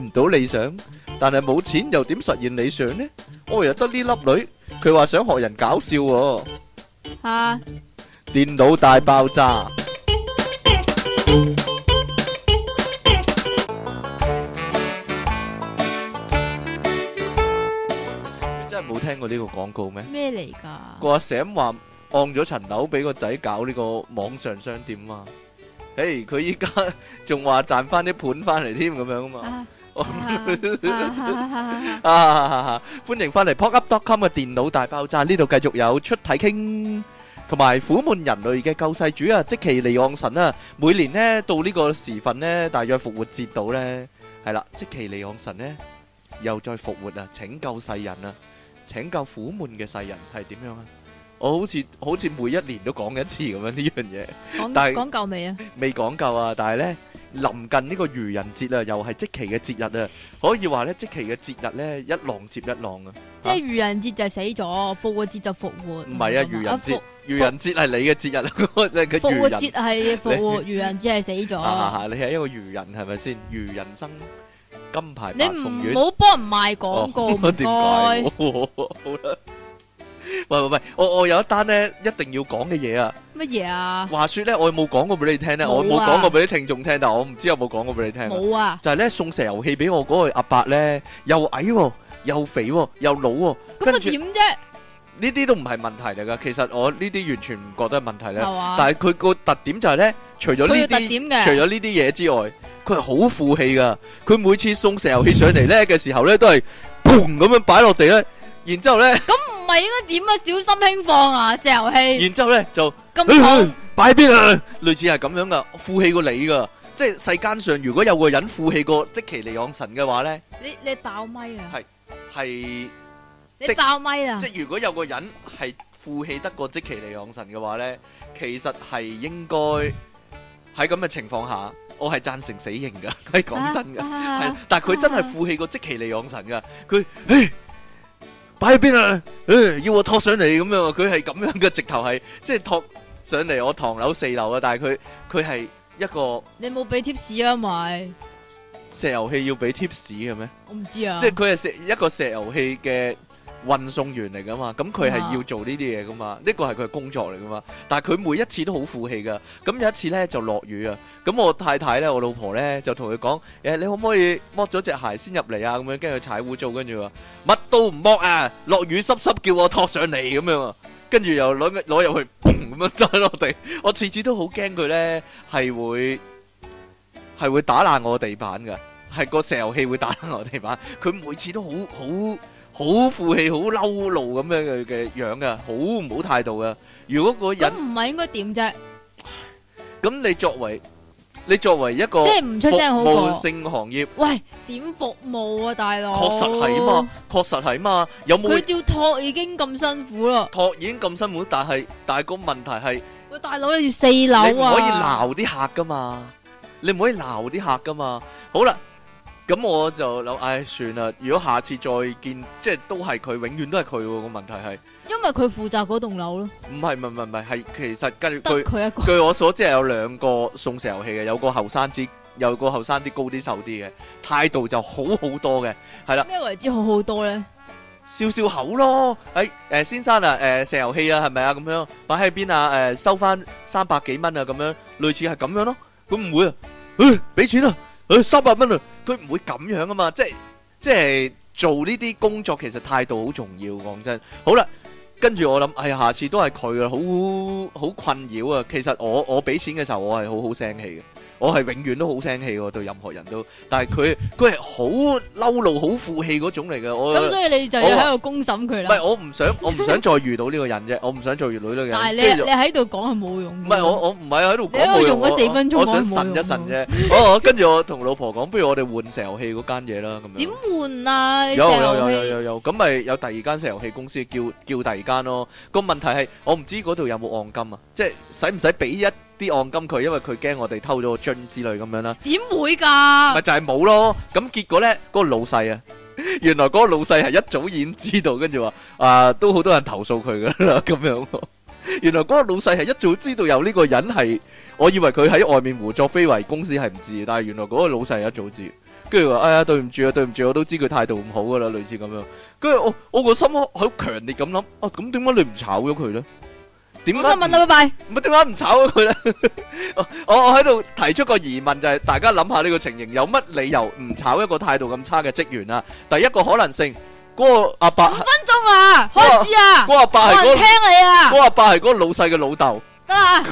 唔到理想，但係冇錢又點實現理想呢？我又得呢粒女，佢話想學人搞笑喎。吓！電腦大爆炸。你真係冇聽過呢個廣告咩？咩嚟噶？個阿醒話按咗層樓俾個仔搞呢個網上商店啊嘛！誒，佢依家仲話賺翻啲盤翻嚟添咁樣啊嘛！啊！歡迎翻嚟 podup.com 嘅電腦大爆炸呢度，繼續有出體 King，同埋苦悶人類嘅救世主啊，積淇離岸神啊，每年呢到呢個時份呢，大約復活節度呢，係啦，積淇離岸神呢又再復活啊，拯救世人啊，拯救苦悶嘅世人係點樣啊？我好似好似每一年都講一次咁樣呢樣嘢，但係講講夠未啊？未講夠啊！但係呢。臨近呢個愚人節啊又係即期嘅節日啊，可以話咧即期嘅節日咧一浪接一浪啊！啊即係愚人節就死咗，復活節就復活。唔係啊，愚人節愚復人節係你嘅節日，復 活節係復活，愚你人節係死咗，啊。你係一個愚人係咪先？愚人生金牌白鳳丸，你唔好幫人賣廣告。點解？好啦。好好好喂喂喂，我我有一單咧，一定要講嘅嘢啊！乜嘢啊？話說咧，我冇講過俾你聽咧，我冇講過俾啲聽眾聽，但我唔知有冇講過俾你聽。冇啊！就係咧，送石油氣俾我嗰個阿伯咧，又矮又肥又老。咁佢點啫？呢啲都唔係問題嚟噶，其實我呢啲完全唔覺得係問題咧。係嘛？但係佢個特點就係咧，除咗呢啲，除咗呢啲嘢之外，佢係好富氣噶。佢每次送石油氣上嚟咧嘅時候咧，都係砰咁樣擺落地咧。然之後咧，咁唔係應該點啊？小心輕放啊！石油氣。然之後咧就咁，擺邊啊！類似係咁樣噶，我負氣過你噶，即係世間上如果有個人負氣過積淇離岸神嘅話咧，你你爆咪啊！係係，你爆咪啊！即係如果有個人係負氣得過積淇離岸神嘅話咧，其實係應該喺咁嘅情況下，我係贊成死刑噶。係講真噶，係，但係佢真係負氣過積淇離岸神噶，佢。擺喺邊啊！誒、欸，要我托上嚟咁樣，佢係咁樣嘅，直頭係，即係托上嚟我唐樓四樓啊！但係佢佢係一個，你冇俾貼士啊咪？石油氣要俾貼士嘅咩？我唔知啊，知啊即係佢係石一個石油氣嘅。運送員嚟噶嘛，咁佢係要做呢啲嘢噶嘛，呢個係佢嘅工作嚟噶嘛。但係佢每一次都好負氣噶。咁有一次咧就落雨啊，咁我太太咧，我老婆咧就同佢講：誒，你可唔可以剝咗隻鞋先入嚟啊？咁樣跟住佢踩污糟，跟住話乜都唔剝啊！落雨濕濕叫我托上嚟咁樣，跟住又攞攞入去，砰咁樣打落地。我次次都好驚佢咧係會係會打爛我地板㗎，係個石油氣會打爛我地板。佢每次都好好。好負氣、好嬲怒咁樣嘅嘅樣噶，好唔好態度噶？如果個人都唔係應該點啫？咁你作為你作為一個即係唔出聲好服務性行業，喂點服務啊，大佬？確實係啊嘛，確實係啊嘛，有冇佢叫托已經咁辛苦啦？托已經咁辛苦，但係但係個問題係喂，大佬你住四樓啊？你唔可以鬧啲客噶嘛？你唔可以鬧啲客噶嘛？好啦。咁我就諗，唉，算啦。如果下次再見，即係都係佢，永遠都係佢個問題係。因為佢負責嗰棟樓咯。唔係唔係唔係，係其實跟佢。得佢一個。據我所知，有兩個送石油氣嘅，有個後生啲，有個後生啲高啲瘦啲嘅，態度就好好多嘅，係啦。咩為之好好多咧？笑笑口咯，誒誒，先生啊，誒，石油氣啊，係咪啊，咁樣擺喺邊啊，誒，收翻三百幾蚊啊，咁樣類似係咁樣咯，會唔會啊？誒，俾錢啊！誒，三百蚊啊！佢唔會咁樣啊嘛，即係即係做呢啲工作，其實態度好重要。講真，好啦，跟住我諗，哎，下次都係佢啦，好好困擾啊！其實我我俾錢嘅時候，我係好好聲氣嘅。我係永遠都好聲氣喎，對任何人都，但係佢佢係好嬲怒、好負氣嗰種嚟嘅。我咁、嗯、所以你就要喺度公審佢啦。唔係我唔想，我唔想再遇到呢個人啫。我唔想做越女呢個人。 但係你喺度講係冇用。唔係我我唔係喺度講。你喺度用咗四分鐘，我想神一神啫。 啊、跟我跟住我同老婆講，不如我哋換石油氣嗰間嘢啦，咁樣。點換啊？有有有有有有，咁咪有第二間石油氣公司叫叫第二間咯、哦。個問題係我唔知嗰度有冇按金啊，即係使唔使俾一？啲按金佢，因為佢驚我哋偷咗個樽之類咁樣啦。點會噶？咪就係冇咯。咁結果咧，嗰個老細啊，原來嗰個老細係一早已經知道，跟住話啊，都好多人投訴佢噶啦，咁樣。原來嗰個老細係一早知道有呢個人係，我以為佢喺外面胡作非為，公司係唔知，但係原來嗰個老細係一早知，跟住話哎呀，對唔住啊，對唔住，我都知佢態度唔好噶啦，類似咁樣。跟住我，我個心好強烈咁諗，啊，咁點解你唔炒咗佢咧？點解問啦？唔係拜拜點解唔炒佢咧？我我喺度提出個疑問就係，大家諗下呢個情形有乜理由唔炒一個態度咁差嘅職員啊？第一個可能性，嗰個阿伯五分鐘啊，開始啊，嗰個阿伯係我聽你啊，嗰個阿伯係嗰個老細嘅老豆。得啦，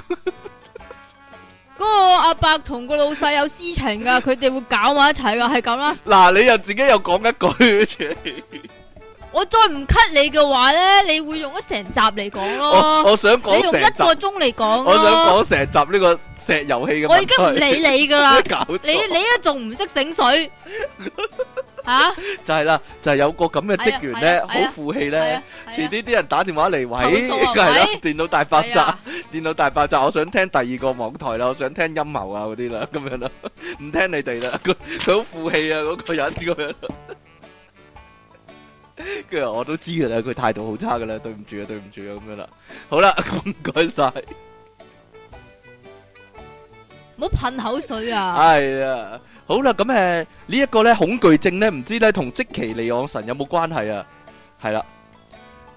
嗰個阿伯同個老細有私情噶，佢哋會搞埋一齊噶，係咁啦。嗱，你又自己又講一句。我再唔 cut 你嘅話咧，你會用咗成集嚟講咯。我我想講成集，你用一個鐘嚟講。我想講成集呢個石遊戲咁。我已經唔理你噶啦，你你而家仲唔識醒水？吓，就係啦，就係有個咁嘅職員咧，好負氣咧。遲啲啲人打電話嚟喂，係啦，電腦大爆炸，電腦大爆炸。我想聽第二個網台啦，我想聽陰謀啊嗰啲啦，咁樣啦，唔聽你哋啦。佢佢好負氣啊，嗰個人咁樣。跟住我都知噶啦，佢態度好差噶啦，對唔住啊，對唔住啊，咁樣啦。好啦，咁唔該晒，唔好噴口水啊。係啊，好啦，咁誒，呢一個咧恐懼症咧，唔知咧同積淇離岸神有冇關係啊？係啦，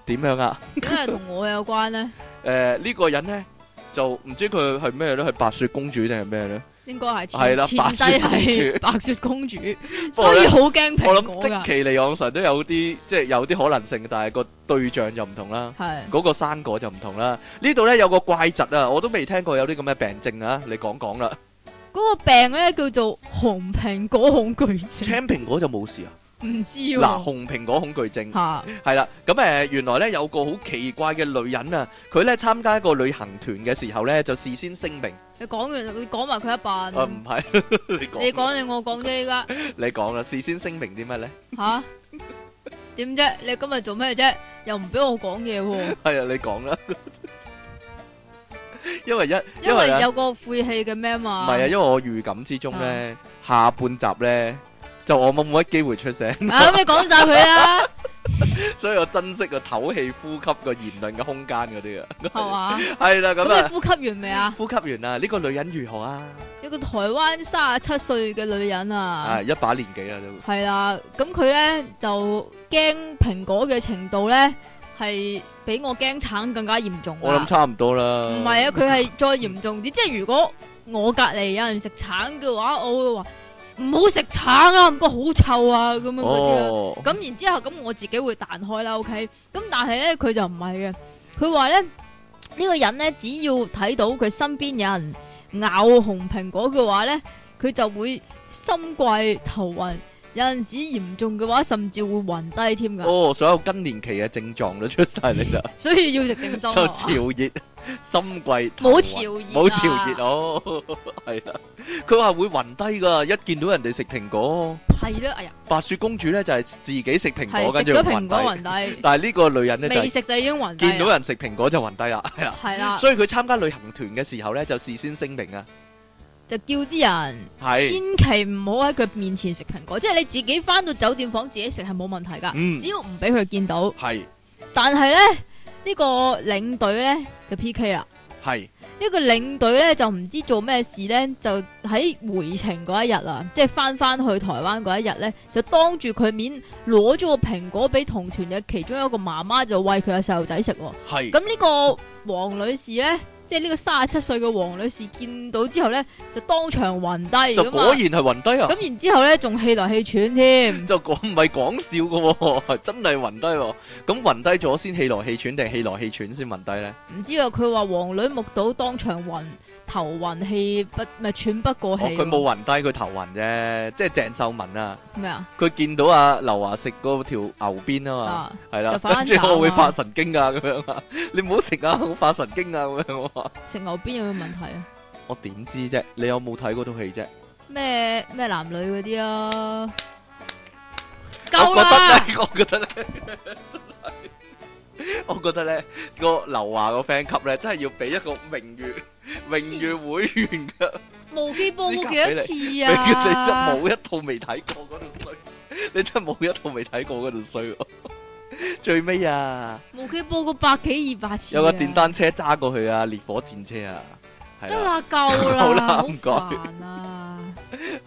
點樣啊？梗係同我有關咧。誒，呢個人咧就唔知佢係咩咧，係白雪公主定係咩咧？應該係前的前帝係白雪公主 所以好驚我果即近期嚟講，上都有啲即係有啲可能性，但係個對象就唔同啦。係嗰是的 個生果就唔同啦。呢度咧有個怪疾啊，我都未聽過有啲咁嘅病症啊，你講講啦。嗰個病咧叫做紅蘋果恐懼症。青蘋果就冇事啊。唔知嗱，紅蘋果恐懼症吓，係啦。咁，誒，原來咧有個好奇怪嘅女人啊，佢咧參加一個旅行團嘅時候咧，就事先聲明，你講完你講埋佢一半啊，唔係你講你講你我講啫，依家你講啦。事先聲明啲咩咧？吓？點啫，你今日做咩啫，又唔俾我講嘢喎。係啊，你講啦。因為一因為有個晦氣嘅咩嘛？唔係啊，因為我預感之中咧，下半集咧。就我冇乜一機會出聲，咁你講晒佢啊！所以我珍惜個透氣、呼吸個言論嘅空間嗰啲啊。係嘛？係啦，咁你呼吸完未啊？呼吸完啊，呢個女人如何啊？一個台灣三十七歲嘅女人啊，係一把年紀啊，都。係啦，咁佢咧就驚蘋果嘅程度咧係比我驚橙更加嚴重。我諗差唔多啦。唔係啊，佢係再嚴重啲，即係如果我隔籬有人食橙嘅話，我會話。唔好食橙啊，唔該好臭啊，咁樣嗰啲，咁、oh. 然之後咁我自己會彈開啦，OK，咁但係咧佢就唔係嘅，佢話咧呢、這個人咧只要睇到佢身邊有人咬紅蘋果嘅話咧，佢就會心悸頭暈，有陣時嚴重嘅話甚至會暈低添噶。哦，oh, 所有更年期嘅症狀都出晒嚟啦， 所以要食定心。受潮熱。 心悸，冇潮熱、啊，冇潮熱哦，係啊！佢話會暈低噶，一見到人哋食蘋果，係咧、啊，哎呀！白雪公主咧就係、是、自己食蘋果，食咗蘋果暈低。但係呢個女人咧未食就已經暈，見到人食蘋果就暈低啦，係啦、啊。啊、所以佢參加旅行團嘅時候咧，就事先聲明啊是，就叫啲人千祈唔好喺佢面前食蘋果，即係你自己翻到酒店房自己食係冇問題噶，嗯、只要唔俾佢見到。係是，但係咧。呢個領隊呢，就 P.K. 啦，係呢是個領隊呢，就唔知做咩事呢，就喺回程嗰一日啊，即係翻翻去台灣嗰一日呢，就當住佢面攞咗個蘋果俾同團嘅其中一個媽媽，就餵佢個細路仔食，係咁呢個黃女士呢？即係呢個三十七歲嘅黃女士見到之後呢，就當場暈低。就果然係暈低啊！咁然之後咧，仲氣來氣喘添。就講唔係講笑噶，真係暈低。咁暈低咗先氣來氣喘，定係氣來氣喘先暈低呢？唔知啊，佢話黃女目睹當場暈。頭暈氣唔係喘不過氣，佢冇暈低，佢頭暈啫，即係鄭秀文啊。咩啊？佢見到阿劉華食嗰條牛鞭啊嘛，係啦，跟住我會發神經啊，咁樣啊，你唔好食啊，我發神經啊，咁樣我話食牛鞭有咩問題啊？我點知啫？你有冇睇嗰套戲啫？咩咩男女嗰啲啊？夠啦！我覺得咧，我覺得咧，我覺得咧，個劉華個 fan 級咧，真係要俾一個名譽。榮譽會員噶，無記播過幾多次啊？你真冇一套未睇過嗰度衰，你真冇一套未睇過嗰度衰。最尾啊，無記播過百幾二百次。有個電單車揸過去啊，烈火戰車啊，得啦夠啦，好啦唔該啦。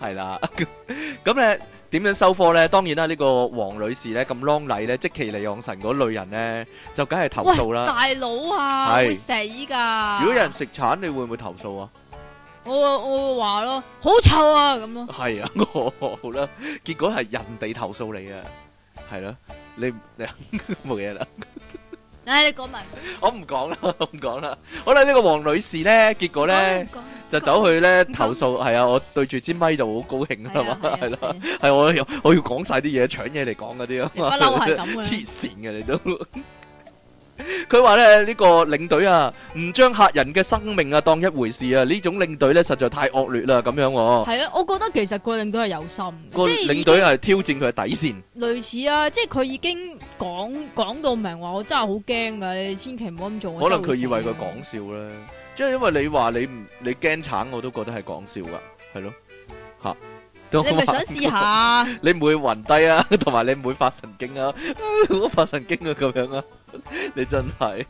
係啦，咁咧。點樣收科咧？當然啦，呢個黃女士咧，咁 long 禮咧，積淇離岸神嗰類人咧，就梗係投訴啦。大佬啊，會死噶！如果有人食鏟，你會唔會投訴啊？我我會話咯，好臭啊，咁咯。係啊，我啦，結果係人哋投訴你啊，係咯，你你冇嘢啦。唉，你講埋。我唔講啦，我唔講啦。好啦，呢個黃女士咧，結果咧，就走去咧投訴，係啊！我對住支咪就好高興啊，係嘛，係咯，係我我要講晒啲嘢，搶嘢嚟講嗰啲啊，不嬲係咁啊，黐線啊你都。佢話咧，呢個領隊啊，唔將客人嘅生命啊當一回事啊，呢種領隊咧實在太惡劣啦，咁樣。係啊，我覺得其實個領隊係有心，即係領隊係挑戰佢嘅底線。類似啊，即係佢已經講講到明話，我真係好驚噶，你千祈唔好咁做。可能佢以為佢講笑咧。即係因為你話你唔你驚慘，我都覺得係講笑噶，係咯，吓。你咪想試下？你唔會暈低啊，同埋你唔會發神經啊，好發神經啊咁樣啊，你真係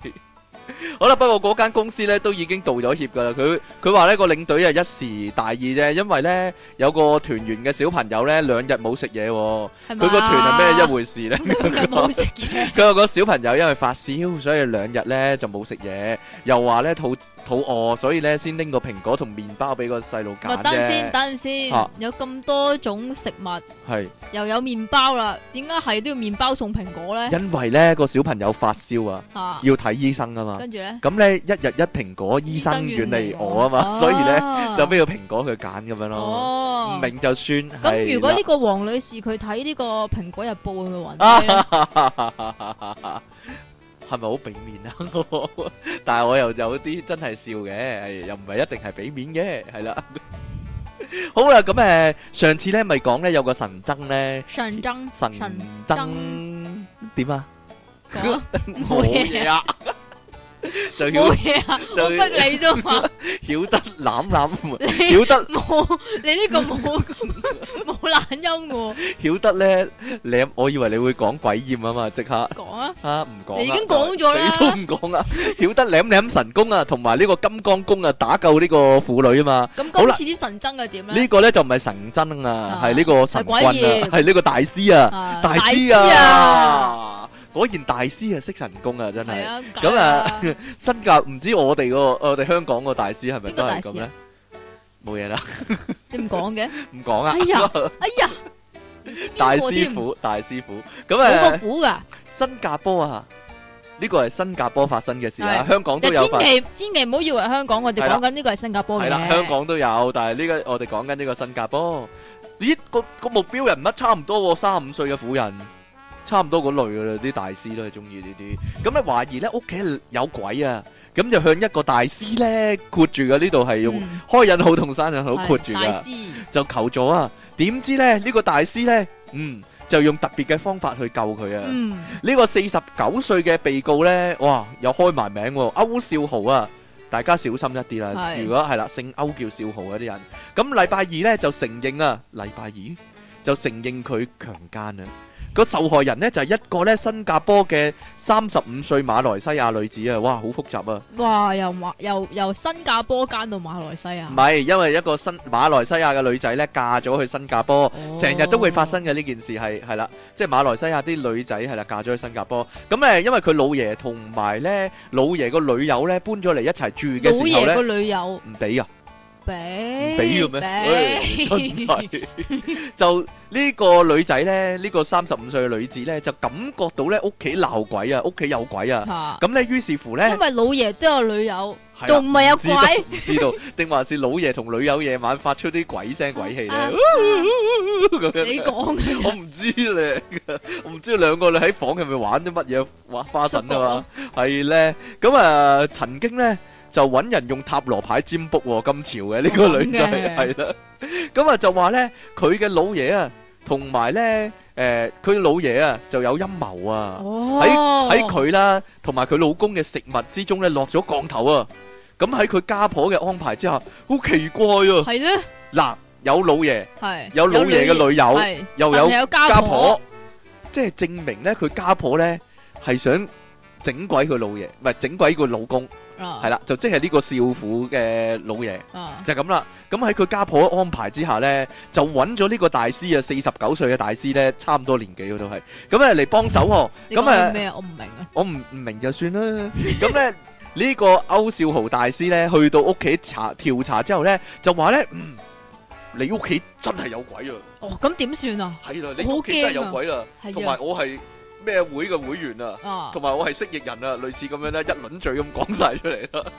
好啦。不過嗰間公司咧都已經道咗歉噶啦，佢佢話咧個領隊係一時大意啫，因為咧有個團員嘅小朋友咧兩日冇食嘢，佢個團係咩一回事咧？冇食嘢。佢有個小朋友因為發燒，所以兩日咧就冇食嘢，又話咧肚。.肚餓，所以咧先拎個蘋果同麵包俾個細路揀啫。等先，等陣先，有咁多種食物，係又有麵包啦。點解係都要麵包送蘋果咧？因為咧個小朋友發燒啊，要睇醫生噶嘛。跟住咧，咁咧一日一蘋果，醫生遠離我啊嘛。所以咧就俾個蘋果佢揀咁樣咯。唔明就算。咁如果呢個黃女士佢睇呢個蘋果日報佢搵？係咪好俾面啊？ 但係我又有啲真係笑嘅，又唔係一定係俾面嘅，係啦。 好啦，咁誒，上次咧咪講咧有個神僧咧，真神僧？神僧點啊？冇嘢啊！冇嘢啊，冇不理啫嘛。曉得攬攬，曉得冇，你呢個冇冇懶音噶喎。曉得咧，攬，我以為你會講鬼艷啊嘛，即刻講啊，吓唔講，你已經講咗啦，你都唔講啦。曉得攬攬神功啊，同埋呢個金剛功啊，打救呢個婦女啊嘛。咁今次啲神僧係點咧？呢個咧就唔係神僧啊，係呢個神棍啊，係呢個大師啊，大師啊。果然大師係識神功啊，真係。咁啊，新加坡唔知我哋個，我哋香港個大師係咪都係咁咧？冇嘢啦。你唔講嘅？唔講啊！哎呀，哎呀！大師傅，大師傅。咁啊，冇個婦噶。新加坡啊，呢個係新加坡發生嘅事啊，香港都有。千祈千祈唔好以為香港，我哋講緊呢個係新加坡嘅。係啦，香港都有，但係呢個我哋講緊呢個新加坡。咦，個個目標人物差唔多，三十五歲嘅婦人。差唔多嗰類噶啦，啲大師都係中意呢啲。咁咧，懷疑咧，屋企有鬼啊，咁就向一個大師咧括住噶。呢度係用開引號同閂引號括住噶，嗯、就求助啊。點知咧呢，這個大師咧，嗯，就用特別嘅方法去救佢啊。呢、嗯、個四十九歲嘅被告咧，哇，又開埋名歐少豪啊！大家小心一啲啦，是如果係啦，姓歐叫少豪嗰、啊、啲人。咁禮拜二咧就承認啊，禮拜二就承認佢強姦啊。個受害人呢，就係、是、一個咧新加坡嘅三十五歲馬來西亞女子啊，哇，好複雜啊！哇，由馬由由新加坡嫁到馬來西亞？唔係，因為一個新馬來西亞嘅女仔呢嫁咗去新加坡，成日、哦、都會發生嘅呢件事係係啦，即係馬來西亞啲女仔係啦嫁咗去新加坡，咁誒，因為佢老爺同埋呢老爺個女友呢搬咗嚟一齊住嘅時候呢老爺個女友唔俾啊！俾俾嘅咩？就呢個女仔咧，呢個三十五歲嘅女子咧，就感覺到咧屋企鬧鬼啊，屋企有鬼啊。咁咧，於是乎咧，因為老爺都有女友，仲唔係有鬼？唔知道定還是老爺同女友夜晚發出啲鬼聲鬼氣咧？你講嘅，我唔知你，我唔知兩個女喺房入面玩啲乜嘢畫花神啊嘛？係咧，咁啊，曾經咧。就揾人用塔羅牌占卜喎，今朝嘅呢個女仔係啦。咁啊就話咧，佢嘅老爺啊，同埋咧，誒，佢老爺啊就有陰謀啊，喺喺佢啦，同埋佢老公嘅食物之中咧落咗降頭啊。咁喺佢家婆嘅安排之下，好奇怪啊。係咧。嗱，有老爺，有老爺嘅女友，又有家婆，即係證明咧，佢家婆咧係想整鬼佢老爺，唔係整鬼佢老公。係啦，就即係呢個少婦嘅老爺，啊、就咁啦。咁喺佢家婆安排之下呢，就揾咗呢個大師啊，四十九歲嘅大師呢，差唔多年紀都係。咁啊嚟幫手哦。咁啊，咩那我唔明啊。我唔唔明就算啦。咁 呢，呢、這個歐少豪大師呢，去到屋企查調查之後呢，就話呢：嗯「你屋企真係有鬼、哦、啊。哦，咁點算啊？係啦，你屋企真係有鬼啦。同埋我係。咩會嘅會員啊，同埋、啊、我係蜥蜴人啊，類似咁樣咧，一輪嘴咁講晒出嚟啦。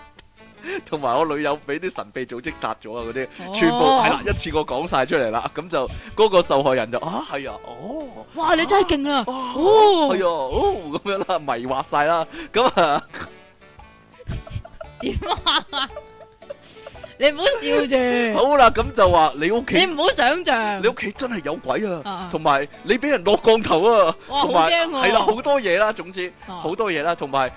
同 埋我女友俾啲神秘組織殺咗啊，嗰啲、哦、全部係啦、哎，一次過講晒出嚟啦。咁就嗰、嗰個受害人就啊，係、哎、啊，哦，哇，你真係勁啊，啊、哎，哦，啊，哦，咁樣啦，迷惑晒啦，咁啊，點啊？你唔好笑住。好啦，咁就話你屋企，你唔好想象，你屋企真係有鬼啊，同埋你俾人落降頭啊，同埋係啦好多嘢啦，總之好多嘢啦，同埋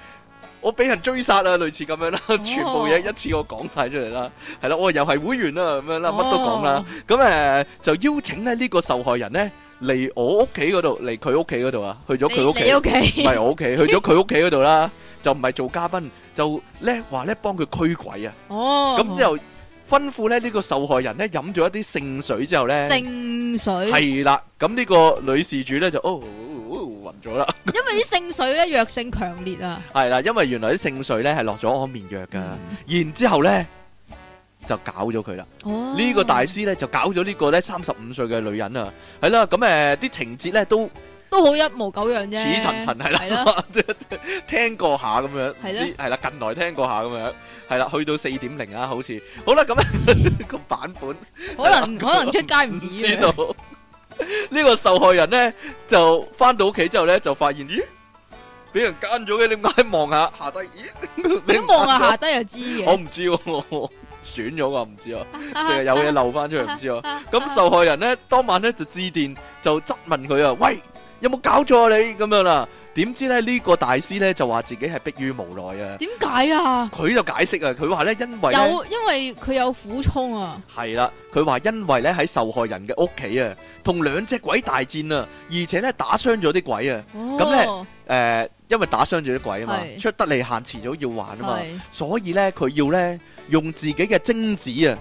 我俾人追殺啊，類似咁樣啦，全部嘢一次我講晒出嚟啦，係啦，我又係會員啦，咁樣啦，乜都講啦，咁誒就邀請咧呢個受害人咧嚟我屋企嗰度，嚟佢屋企嗰度啊，去咗佢屋企，唔係我屋企，去咗佢屋企嗰度啦。就唔係做嘉賓，就咧話咧幫佢驅鬼啊！哦，咁之後吩咐咧呢個受害人咧飲咗一啲聖水之後咧，聖水？係啦，咁呢個女事主咧就哦暈咗啦，因為啲聖水咧藥性強烈啊！係啦，因為原來啲聖水咧係落咗安眠藥噶，然之後咧就搞咗佢啦。哦，呢個大師咧就搞咗呢個咧三十五歲嘅女人啊，係啦，咁誒啲情節咧都。都好一模狗樣啫，似層層係啦，聽過下咁樣，係啦，近來聽過下咁樣，係啦，去到四點零啊，好似，好啦，咁個版本，可能可能出街唔知。知道呢個受害人咧就翻到屋企之後咧就發現咦，俾人奸咗嘅，點解望下下低，點望下下低又知嘅？我唔知喎，損咗㗎唔知啊，有嘢漏翻出嚟唔知啊。咁受害人咧當晚咧就致電就質問佢啊，喂！有冇搞錯啊你咁樣啦？點知咧呢個大師咧就話自己係迫於無奈啊？點解啊？佢就解釋啊，佢話咧因為有，因為佢有苦衷啊。係啦，佢話因為咧喺受害人嘅屋企啊，同兩隻鬼大戰啊，而且咧打傷咗啲鬼啊。咁咧誒。因為打傷咗啲鬼啊嘛，出得嚟行遲早要還啊嘛，的所以咧佢要咧用自己嘅精子啊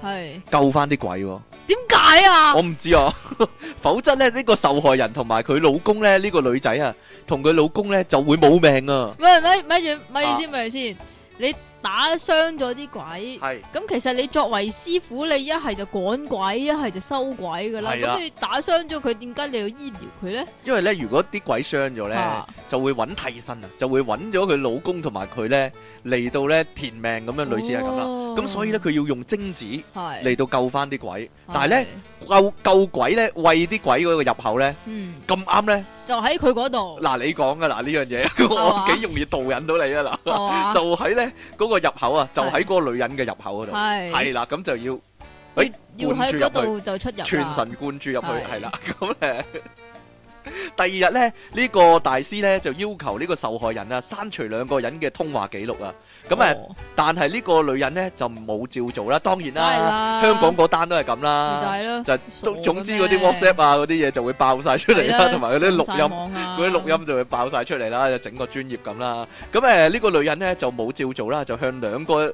救翻啲鬼。點解啊？我唔知啊， 否則咧呢個受害人同埋佢老公咧呢個女仔啊，同佢老公咧就會冇命啊。喂咪咪嘢，咪嘢先？咪先，啊、你。打傷咗啲鬼，咁是其實你作為師傅，你一係就趕鬼，一係就收鬼噶啦。咁、啊、你打傷咗佢，點解你要醫療佢咧？因為咧，如果啲鬼傷咗咧、啊，就會揾替身啊，就會揾咗佢老公同埋佢咧嚟到咧填命，咁樣類似係咁咯。哦。咁、嗯嗯、所以咧，佢要用精子嚟到救翻啲鬼，是但係咧救救鬼咧，喂啲鬼嗰個入口咧，咁啱咧，呢就喺佢嗰度。嗱，你講噶嗱呢樣嘢，這個啊、我幾容易導引到你啊嗱，就喺咧嗰個入口啊，就喺嗰個女人嘅入口嗰度，係啦是，咁就要灌、哎，要喺嗰度就出入，全神貫注入去，係啦是，咁咧。第二日呢，呢、呢個大師呢，就要求呢個受害人啦、啊、刪除兩個人嘅通話記錄啊。咁啊、哦嗯，但係呢個女人呢，就冇照做啦。當然啦，啦香港嗰單都係咁啦。就，就總之嗰啲 WhatsApp 啊，嗰啲嘢就會爆晒出嚟啦，同埋嗰啲錄音，啲錄音就會爆晒出嚟啦，就整個專業咁啦。咁、嗯、誒，呢、嗯呢個女人呢，就冇照做啦，就向兩個。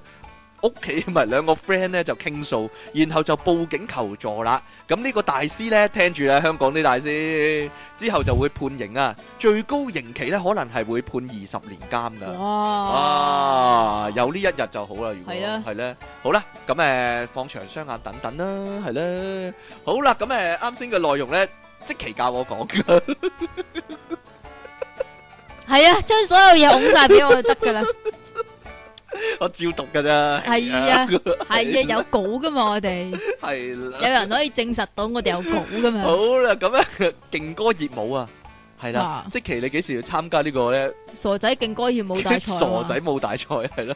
屋企咪兩個 friend 咧就傾訴，然後就報警求助啦。咁呢個大師咧，聽住啦，香港啲大師之後就會判刑啊，最高刑期咧可能係會判二十年監噶。哇！有呢一日就好啦，如果係咧，好啦，咁誒放長雙眼等等啦，係咧，好啦，咁誒啱先嘅內容咧即期教我講嘅，係啊，將所有嘢講晒俾我就得噶啦。我照讀噶咋，係啊，係啊，有稿噶嘛，我哋係啦，有人可以證實到我哋有稿噶嘛，好啦，咁樣勁歌熱舞啊，係啦，即期你幾時要參加呢個咧？傻仔勁歌熱舞大賽，傻仔舞大賽係啦，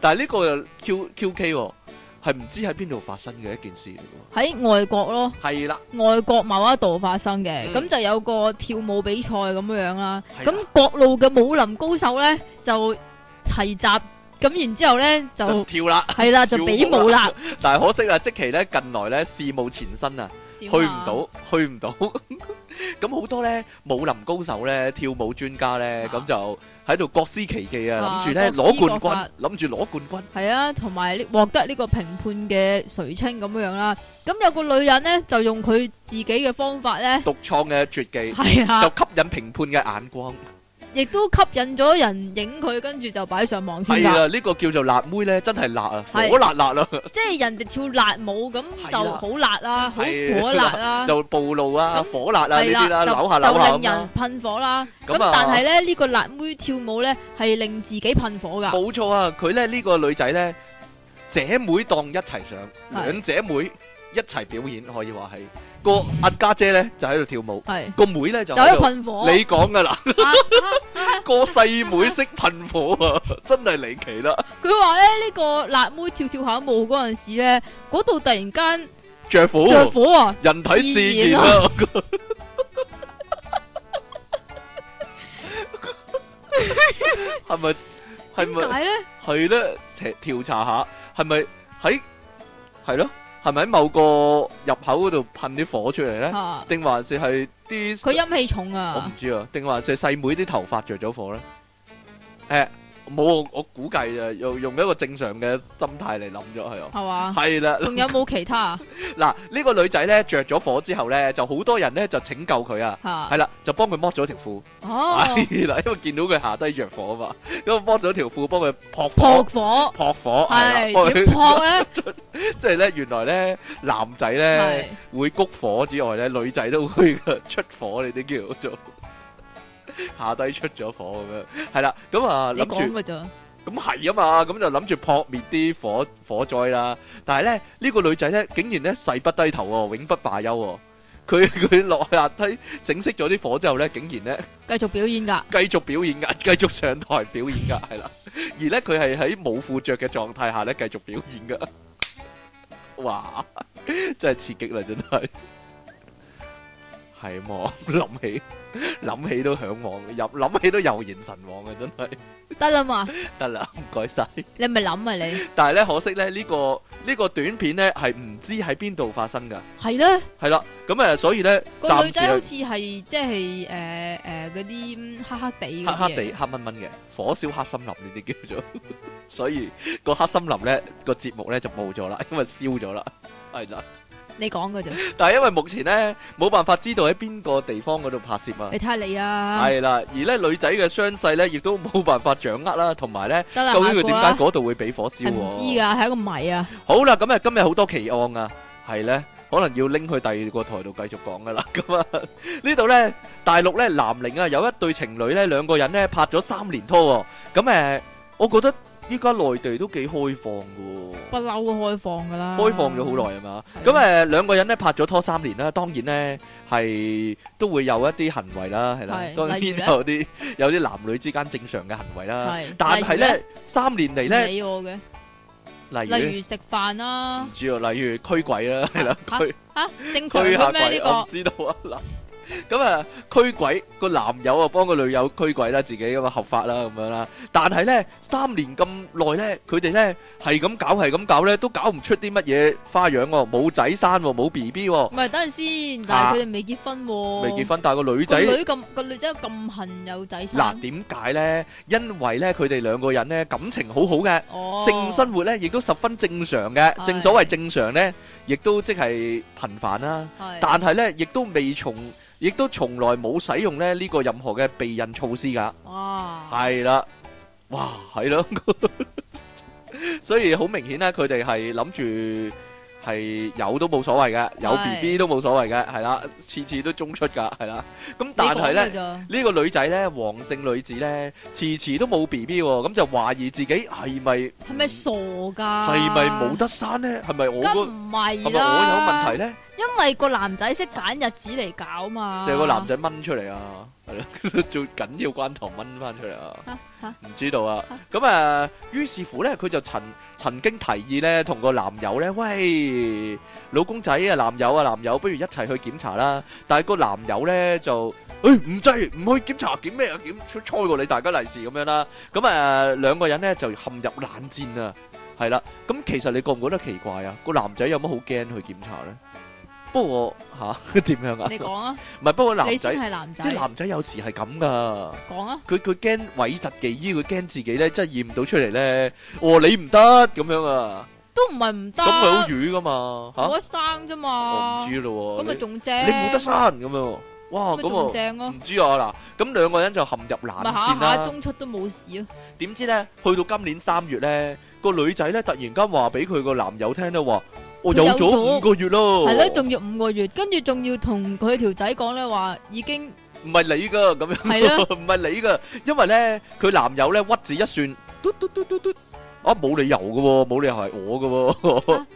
但係呢個又 Q Q K，係唔知喺邊度發生嘅一件事嚟喎，喺外國咯，係啦，外國某一度發生嘅，咁就有個跳舞比賽咁樣樣啦，咁各路嘅武林高手咧就。齊集咁，然之後咧就跳啦，係啦，就比武啦。但係可惜啊，即其咧近來咧事務纏身啊，去唔到，去唔到。咁好多咧武林高手咧跳舞專家咧，咁就喺度各施其技啊，諗住咧攞冠軍，諗住攞冠軍。係啊，同埋獲得呢個評判嘅垂青咁樣樣啦。咁有個女人咧就用佢自己嘅方法咧獨創嘅絕技，係啊就吸引評判嘅眼光。亦都吸引咗人影佢，跟住就擺上網添噶。係啦，呢、這個叫做辣妹咧，真係辣啊，火辣辣啦。 即係人哋跳辣舞咁就好辣啦，好了火辣啦，就暴露啊，那火辣啊呢了啦，扭下扭下咁。就令人噴火啦。咁、啊、但係咧呢、這個辣妹跳舞咧係令自己噴火噶。冇錯啊，佢咧呢、這個女仔咧姐妹檔一齊上，兩對姐妹一齊表演，可以話係。個阿家姐咧就喺度跳舞，個妹咧就，有去噴火，你講噶啦，個細妹識噴火啊，真係離奇啦！佢話咧呢個辣妹跳跳下舞嗰陣時咧，嗰度突然間着火，着火啊！人體自燃咯，係咪？點解咧？係咧？查調查下，係咪喺？係咯？係咪喺某個入口嗰度噴啲火出嚟咧？定、啊、還是係啲佢陰氣重啊？我唔知啊，定還是細妹啲頭髮着咗火咧？誒、啊！冇，我估計啊，用用一個正常嘅心態嚟諗咗係啊，係啦，仲有冇其他？嗱，呢個女仔咧，着咗火之後咧，就好多人咧就拯救佢啊，係啦，就幫佢剝咗條褲，係啦，因為見到佢下低著火啊嘛，咁剝咗條褲幫佢撲撲火，撲火，點撲咧？即係咧，原來咧男仔咧會谷火之外咧，女仔都會出火，呢啲叫做。下低出咗火咁樣，係、嗯、啦，咁啊諗住，咁係啊嘛，咁就諗住撲滅啲火火災啦。但係咧呢、呢個女仔咧，竟然咧誓不低頭哦，永不罷休哦。佢佢落下梯整熄咗啲火之後咧，竟然咧繼續表演噶，繼續表演噶，繼續上台表演噶，係啦。而咧佢係喺冇褲着嘅狀態下咧繼續表演噶，哇，真係刺激啦，真係。係啊，諗起諗起都向往，又諗起都悠然神往啊！真係得啦嘛，得啦，唔該晒。你咪諗啊你！但係咧，可惜咧，呢個呢個短片咧係唔知喺邊度發生噶。係咧，係啦，咁啊，所以咧，個女仔好似係即係誒誒嗰啲黑黑地嘅，黑黑地黑蚊蚊嘅，火燒黑森林呢啲叫做。所以個黑森林咧個節目咧就冇咗啦，因為燒咗啦，係啦。你講嘅啫，但係因為目前咧冇辦法知道喺邊個地方嗰度拍攝啊！你睇下你啊，係啦，而咧女仔嘅傷勢咧，亦都冇辦法掌握啦，同埋咧，究竟佢點解嗰度會俾火燒喎？唔知啊，係一個謎啊！好啦，咁啊，今日好多奇案啊，係咧，可能要拎去第二個台度繼續講㗎啦。咁啊，呢度咧大陸咧南寧啊，有一對情侶咧，兩個人咧拍咗三年拖喎。咁誒，我覺得。依家內地都幾開放嘅喎，不嬲都開放嘅啦，開放咗好耐啊嘛。咁誒，兩個人咧拍咗拖三年啦，當然咧係都會有一啲行為啦，係啦，當然有啲有啲男女之間正常嘅行為啦。係，但係咧三年嚟咧，例如食飯啦，唔知例如驅鬼啦，係啦，驅嚇正常咩呢個？知道啊啦。咁啊，驅鬼個男友啊，幫個女友驅鬼啦，自己咁啊合法啦，咁樣啦。但係咧三年咁耐咧，佢哋咧係咁搞係咁搞咧，都搞唔出啲乜嘢花樣喎，冇仔生喎，冇 BB 喎。唔係，等陣先，但係佢哋未結婚。未結婚，但係個女仔個女咁個女仔咁恨有仔生。嗱，點解咧？因為咧，佢哋兩個人咧感情好好嘅，性生活咧亦都十分正常嘅。正所謂正常咧。亦都即係頻繁啦，的但係咧，亦都未從，亦都從來冇使用咧呢個任何嘅避孕措施噶哇。哇，係啦，哇，係咯，所以好明顯咧，佢哋係諗住。係有都冇所謂嘅，有 B B 都冇所謂嘅，係啦，次次都中出噶，係啦。咁、嗯、但係咧，呢個女仔咧，黃姓女子咧，遲遲都冇 B B，咁就懷疑自己係咪係咪傻噶？係咪冇得生咧？係咪我？唔係而家我有問題咧。因為個男仔識揀日子嚟搞嘛，就個男仔掹出嚟啊，係咯，最緊要關頭掹翻出嚟啊，唔知道啊。咁啊，於是乎咧，佢就曾曾經提議咧，同個男友咧，喂，老公仔啊，男友啊，男友，不如一齊去檢查啦。但係個男友咧就，誒唔制，唔去檢查，檢咩啊？檢搓過你，大家利是咁樣啦。咁啊，兩個人咧就陷入冷戰啊。係啦，咁其實你覺唔覺得奇怪啊？個男仔有乜好驚去檢查咧？不過吓點樣啊？你講啊，唔係不過男仔，啲男仔有時係咁噶。講啊，佢佢驚諱疾忌醫，佢驚自己咧真係驗唔到出嚟咧，哦你唔得咁樣啊，都唔係唔得，咁咪好瘀噶嘛吓，冇得生啫嘛，我唔知咯，咁咪仲正，你冇得生咁樣，哇咁正啊，唔知啊嗱，咁兩個人就陷入冷戰啦，下下中出都冇事啊。點知咧，去到今年三月咧，個女仔咧突然間話俾佢個男友聽咧話。我有咗五個月咯，係咯，仲要五個月，跟住仲要同佢條仔講咧，話已經唔係你噶咁樣，係咯，唔係你噶，因為咧佢男友咧屈指一算，嘟嘟嘟嘟嘟，啊冇理由噶，冇理由係我噶，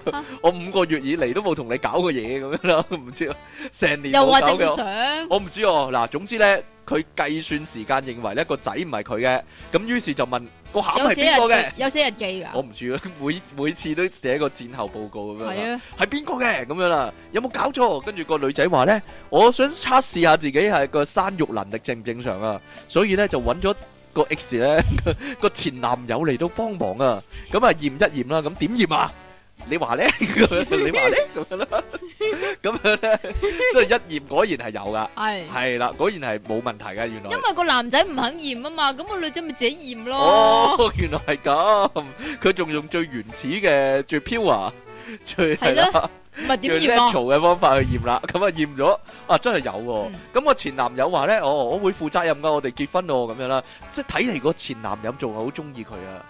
我五個月以嚟都冇同你搞過嘢咁樣咯，唔知咯，成年又話正常，我唔知哦，嗱，總之咧佢計算時間認為咧個仔唔係佢嘅，咁於是就問。個考係邊個嘅？有寫日記噶。我唔住啊，每每次都寫個戰後報告咁樣。係是啊，係邊個嘅咁樣啦？有冇搞錯？跟住個女仔話咧，我想測試下自己係個生育能力正唔正常啊，所以咧就揾咗個 X 咧個 前男友嚟到幫忙啊，咁啊驗一驗啦，咁點驗啊？你話咧，你話咧，咁樣啦，咁樣咧，即係一驗果然係有噶，係係啦，果然係冇問題噶，原來因為個男仔唔肯驗啊嘛，咁、個女仔咪自己驗咯。哦，原來係咁，佢仲用最原始嘅最飄啊，最係啦，唔係點驗嘅方法去驗啦，咁啊驗咗啊，真係有喎。咁、嗯、個前男友話咧，哦，我會負責任噶，我哋結婚咯、哦、咁樣啦，即係睇嚟個前男友仲係好中意佢啊。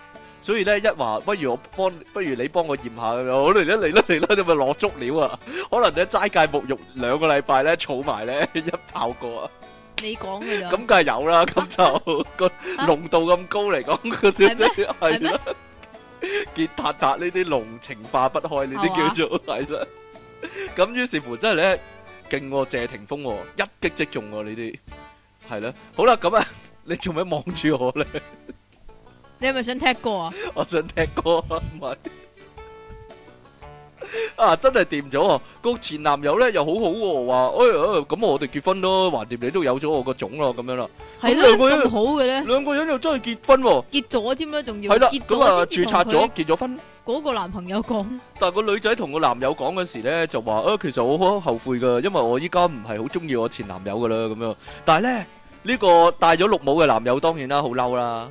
所以咧，一話不如我幫，不如你幫我驗下咁樣，好，嚟一嚟咯嚟咯，你咪攞足料啊！可能戒兩你齋戒沐浴兩個禮拜咧，儲埋咧一炮過啊！你講嘅，咁梗係有啦，咁就個濃度咁高嚟講，嗰啲係啦，嗎結撻撻呢啲濃情化不開呢啲叫做係啦。咁於、啊、是乎真係咧、哦，勁喎謝霆鋒，一擊即中喎呢啲係啦。好啦，咁啊，你做咩望住我咧？你係咪想踢歌啊？我想踢歌，唔係啊！真係掂咗個前男友咧，又好好喎，話哎哎，咁我哋結婚咯，橫掂你都有咗我個種咯，咁樣啦。係咯，咁好嘅咧。兩個人又真係結婚，結咗添啦，仲要係啦。咁啊，註冊咗，結咗婚。嗰個男朋友講，但係個女仔同個男友講嗰時咧，就話誒，其實我好後悔噶，因為我依家唔係好中意我前男友噶啦，咁樣。但係咧，呢個戴咗綠帽嘅男友當然啦，好嬲啦。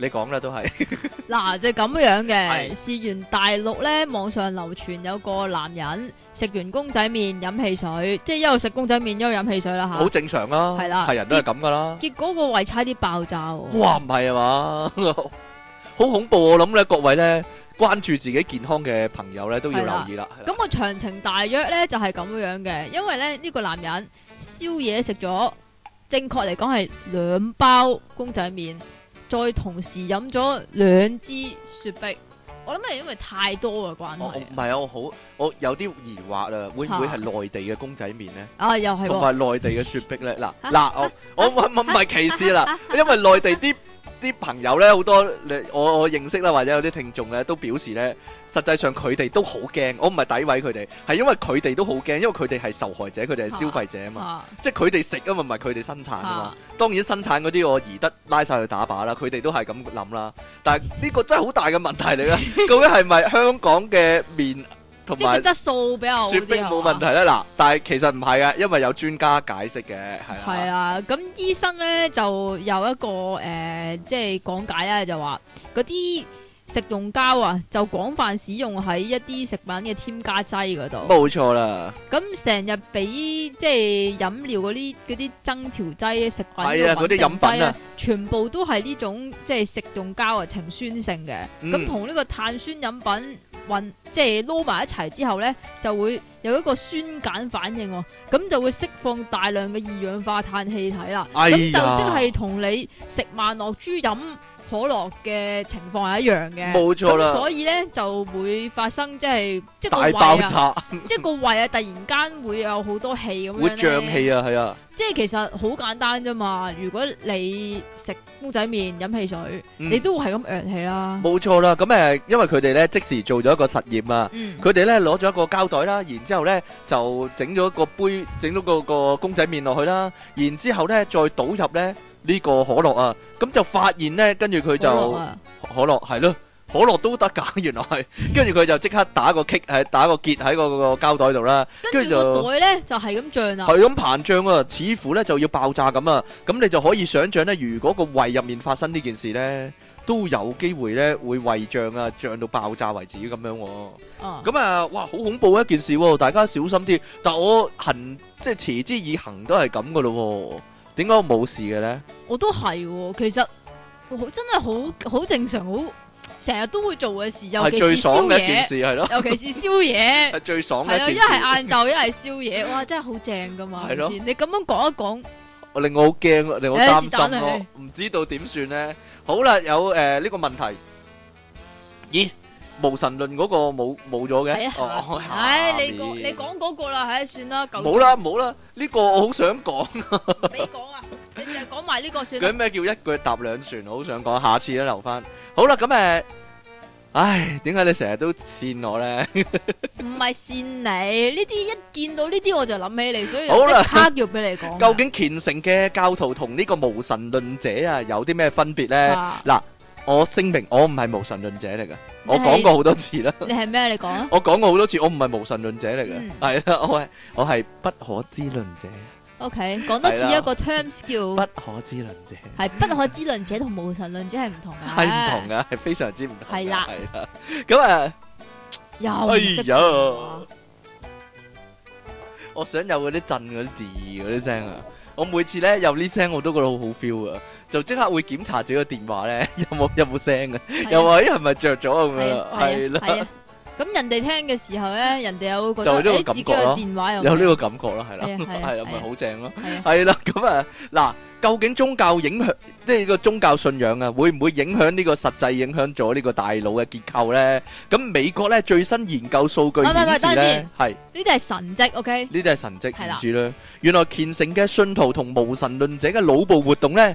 你講 啦，都係嗱，就咁樣嘅。事緣大陸呢，網上流傳有個男人食完公仔麵飲汽水，即係一路食公仔麵一路飲汽水啦，吓。好正常啦。係的啦，係人都係咁噶啦。結果個胃差啲爆炸。哇，唔係啊嘛， 好恐怖！我諗呢，各位呢，關注自己健康嘅朋友呢，都要留意啦。咁個詳情大約呢，就係、是、咁樣嘅，因為呢，呢、這個男人宵夜食咗，正確嚟講係兩包公仔麵。再同時飲咗兩支雪碧，我諗係因為太多嘅關係。唔係啊，啊，我好，我有啲疑惑啊，會唔會係內地嘅公仔麵咧？啊，又係同埋內地嘅雪碧咧？嗱嗱， 我 我唔唔係歧視啦， 因為內地啲。啲朋友咧好多我，我我認識啦，或者有啲聽眾咧都表示咧，實際上佢哋都好驚。我唔係詆毀佢哋，係因為佢哋都好驚，因為佢哋係受害者，佢哋係消費者啊嘛，啊啊即係佢哋食啊嘛，唔係佢哋生產啊嘛。當然，生產嗰啲我移得拉晒去打靶啦，佢哋都係咁諗啦。但係呢個真係好大嘅問題嚟啊！ 究竟係咪香港嘅麵？即係個質素比較好冇問題啦。嗱， 但係其實唔係啊，因為有專家解釋嘅，係啊。係啊，咁醫生咧就有一個誒、呃，即係講解咧就話嗰啲食用膠啊，就廣泛使用喺一啲食品嘅添加劑嗰度。冇錯啦。咁成日俾即係飲料嗰啲啲增稠劑、食品。係啊，嗰啲飲品啊，全部都係呢種即係食用膠啊，呈酸性嘅。咁同呢個碳酸飲品。混即係攞埋一齊之後呢，就會有一個酸鹼反應。哦，咁就會釋放大量嘅二氧化碳氣體啦。咁、哎、呀就即係同你食曼陀珠飲。可樂嘅情況係一樣嘅，冇錯啦。所以咧就會發生即係即個胃啊，大爆炸即個胃啊 突然間會有好多氣咁樣咧，會脹氣啊係啊。即係其實好簡單啫嘛。如果你食公仔麵飲汽水，嗯、你都會係咁脹氣啦。冇錯啦。咁誒，因為佢哋咧即時做咗一個實驗啊。佢哋咧攞咗一個膠袋啦，然後之後咧就整咗個杯，整咗個個公仔麵落去啦，然後之後咧再倒入咧。呢個可樂啊，咁就發現呢，跟住佢就可樂係、啊、咯，可樂都得㗎，原來係，跟住佢就即刻打個結，係打個結喺個個膠袋度啦，跟住個袋呢，就係咁脹啊，係咁膨脹啊，似乎呢就要爆炸咁啊，咁你就可以想像呢，如果個胃入面發生呢件事呢，都有機會呢會胃脹啊，脹到爆炸為止咁樣、啊，咁啊，啊，哇，好恐怖一件事喎、啊，大家小心啲，但我行即係持之以恒都係咁㗎咯喎。點解冇事嘅咧？我都係、哦，其實好真係好好正常，好成日都會做嘅事，尤其是宵夜， 尤其是宵夜係 最爽嘅。係 咯，一係晏晝，一係宵夜，哇，真係好正噶嘛！係咯的，你咁樣講一講，令我好驚、欸，令我擔心我唔知道點算咧。好啦，有誒呢、呃這個問題，咦？無神論嗰個冇冇咗嘅，係你講你講嗰個啦，係啊，算啦，咁冇啦冇啦，呢個我好想講，你講啊，你淨係講埋呢個算。嗰啲咩叫一腳踏兩船，我好想講，下次咧留翻。好啦，咁誒，唉，點解你成日都扇我咧？唔係扇你，呢啲一見到呢啲我就諗起你，所以即刻叫俾你講。究竟虔誠嘅教徒同呢個無神論者啊，有啲咩分別咧？嗱。我聲明，我唔係無神論者嚟㗎，我講過好多次啦。你係咩？你講啊！我講過好多次，我唔係無神論者嚟㗎，係啦，我係我係不可知論者。OK，講多次一個 terms 叫不可知論者，係不可知論者同無神論者係唔同㗎，係唔同㗎，係非常之唔同。係啦，係啦，咁啊，又唔識講。我想有嗰啲震嗰啲字嗰啲聲啊！我每次咧有呢聲，我都覺得好好 feel 啊。就即刻會檢查自己個電話咧，有冇有冇聲嘅？又話係咪着咗咁樣，係啦。咁人哋聽嘅時候咧，人哋又會覺得接個電話有呢個感覺咯，係啦，係咪好正咯？係啦，咁啊嗱，究竟宗教影響即係呢個宗教信仰啊，會唔會影響呢個實際影響咗呢個大腦嘅結構咧？咁美國咧最新研究數據顯示咧，係呢啲係神蹟，O.K. 呢啲係神蹟，係啦。原來虔誠嘅信徒同無神論者嘅腦部活動咧。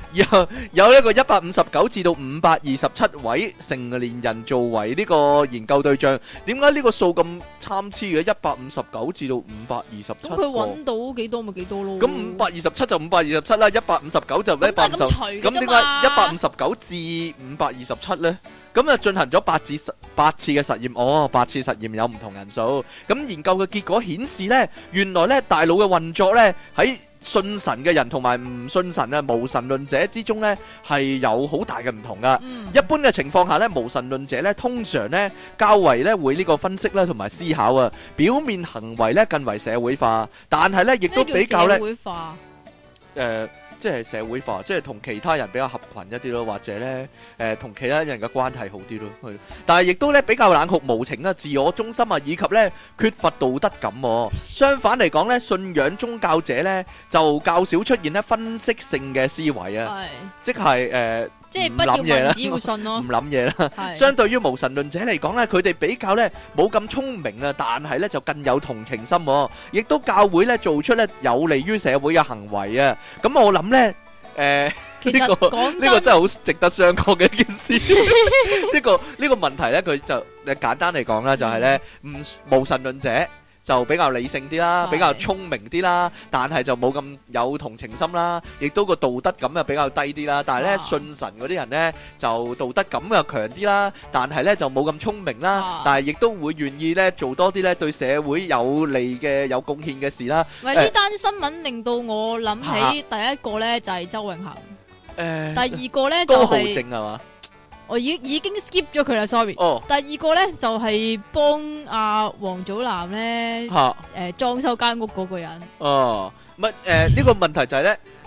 有一個一百五十九至到五百二十七位成年人作為呢個研究對象，點解呢個數咁參差嘅？一百五十九至到五百二十七，佢揾到幾多咪幾多咯？咁五百二十七就五百二十七啦，一百五十九就一百五，咁點解一百五十九至五百二十七呢？咁啊進行咗八次，八次嘅實驗，哦，八次實驗有唔同人數。咁研究嘅結果顯示呢原來呢大腦嘅運作呢喺。信神嘅人同埋唔信神啊無神論者之中呢係有好大嘅唔同噶。嗯、一般嘅情況下呢無神論者呢，通常呢較為呢會呢個分析啦同埋思考啊，表面行為呢更為社會化，但係呢亦都比較呢。即係社會化，即係同其他人比較合群一啲咯，或者呢誒同、呃、其他人嘅關係好啲咯。但係亦都呢比較冷酷無情啊，自我中心啊，以及呢缺乏道德感、啊。相反嚟講呢，信仰宗教者呢，就較少出現呢分析性嘅思維啊，的即係誒。呃即係唔諗嘢啦，唔諗嘢啦。相對於無神論者嚟講咧，佢哋比較咧冇咁聰明啊，但係咧就更有同情心，亦都教會咧做出咧有利於社會嘅行為啊。咁我諗咧，誒，呢個呢個真係好值得商榷嘅一件事。呢個呢個問題咧，佢就誒簡單嚟講咧，就係咧唔無神論者。就比較理性啲啦，比較聰明啲啦，但係就冇咁有，有同情心啦，亦都個道德感又比較低啲啦。但係咧、啊、信神嗰啲人咧就道德感又強啲啦，但係咧就冇咁聰明啦，啊、但係亦都會願意咧做多啲咧對社會有利嘅有貢獻嘅事啦。唔呢喂、欸、單新聞令到我諗起第一個咧、啊、就係周永恆，誒、欸，第二個咧就係、是、高浩正係嘛？我已已經 skip 咗佢啦，sorry。哦，第二個咧就係幫阿王祖藍咧，誒裝修間屋嗰個人。哦，唔係誒呢個問題就係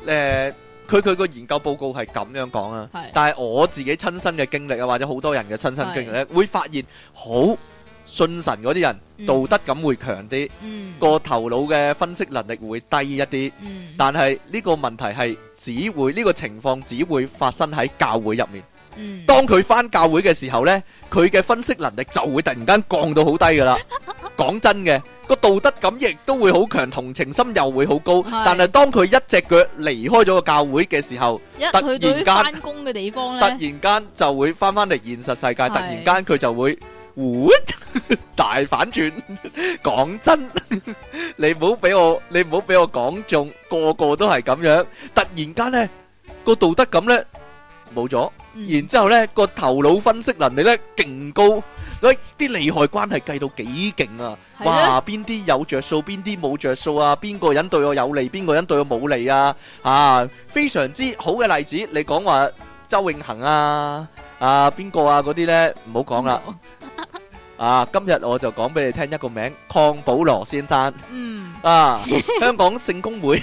咧，誒佢佢個研究報告係咁樣講啊。係，但係我自己親身嘅經歷啊，或者好多人嘅親身經歷咧，會發現好信神嗰啲人道德感會強啲，個頭腦嘅分析能力會低一啲。嗯，但係呢個問題係只會呢個情況只會發生喺教會入面。當佢翻教會嘅時候咧，佢嘅分析能力就會突然間降到好低噶啦。講真嘅，個道德感亦都會好強，同情心又會好高。但係當佢一隻腳離開咗個教會嘅時候，突然間翻工嘅地方咧，突然間就會翻翻嚟現實世界。突然間佢就會，大反轉。講真，你唔好俾我，你唔好俾我講中，個個都係咁樣。突然間咧，個道德感咧冇咗。然之後咧，個頭腦分析能力咧勁高，嗰啲利害關係計到幾勁啊！哇，邊啲有著數，邊啲冇著數啊？邊個人對我有利，邊個人對我冇利啊？啊，非常之好嘅例子，你講話周永恒啊，啊邊個啊嗰啲咧，唔好講啦。啊，今日我就講俾你聽一個名，鄺保羅先生。嗯。啊，香港聖公會。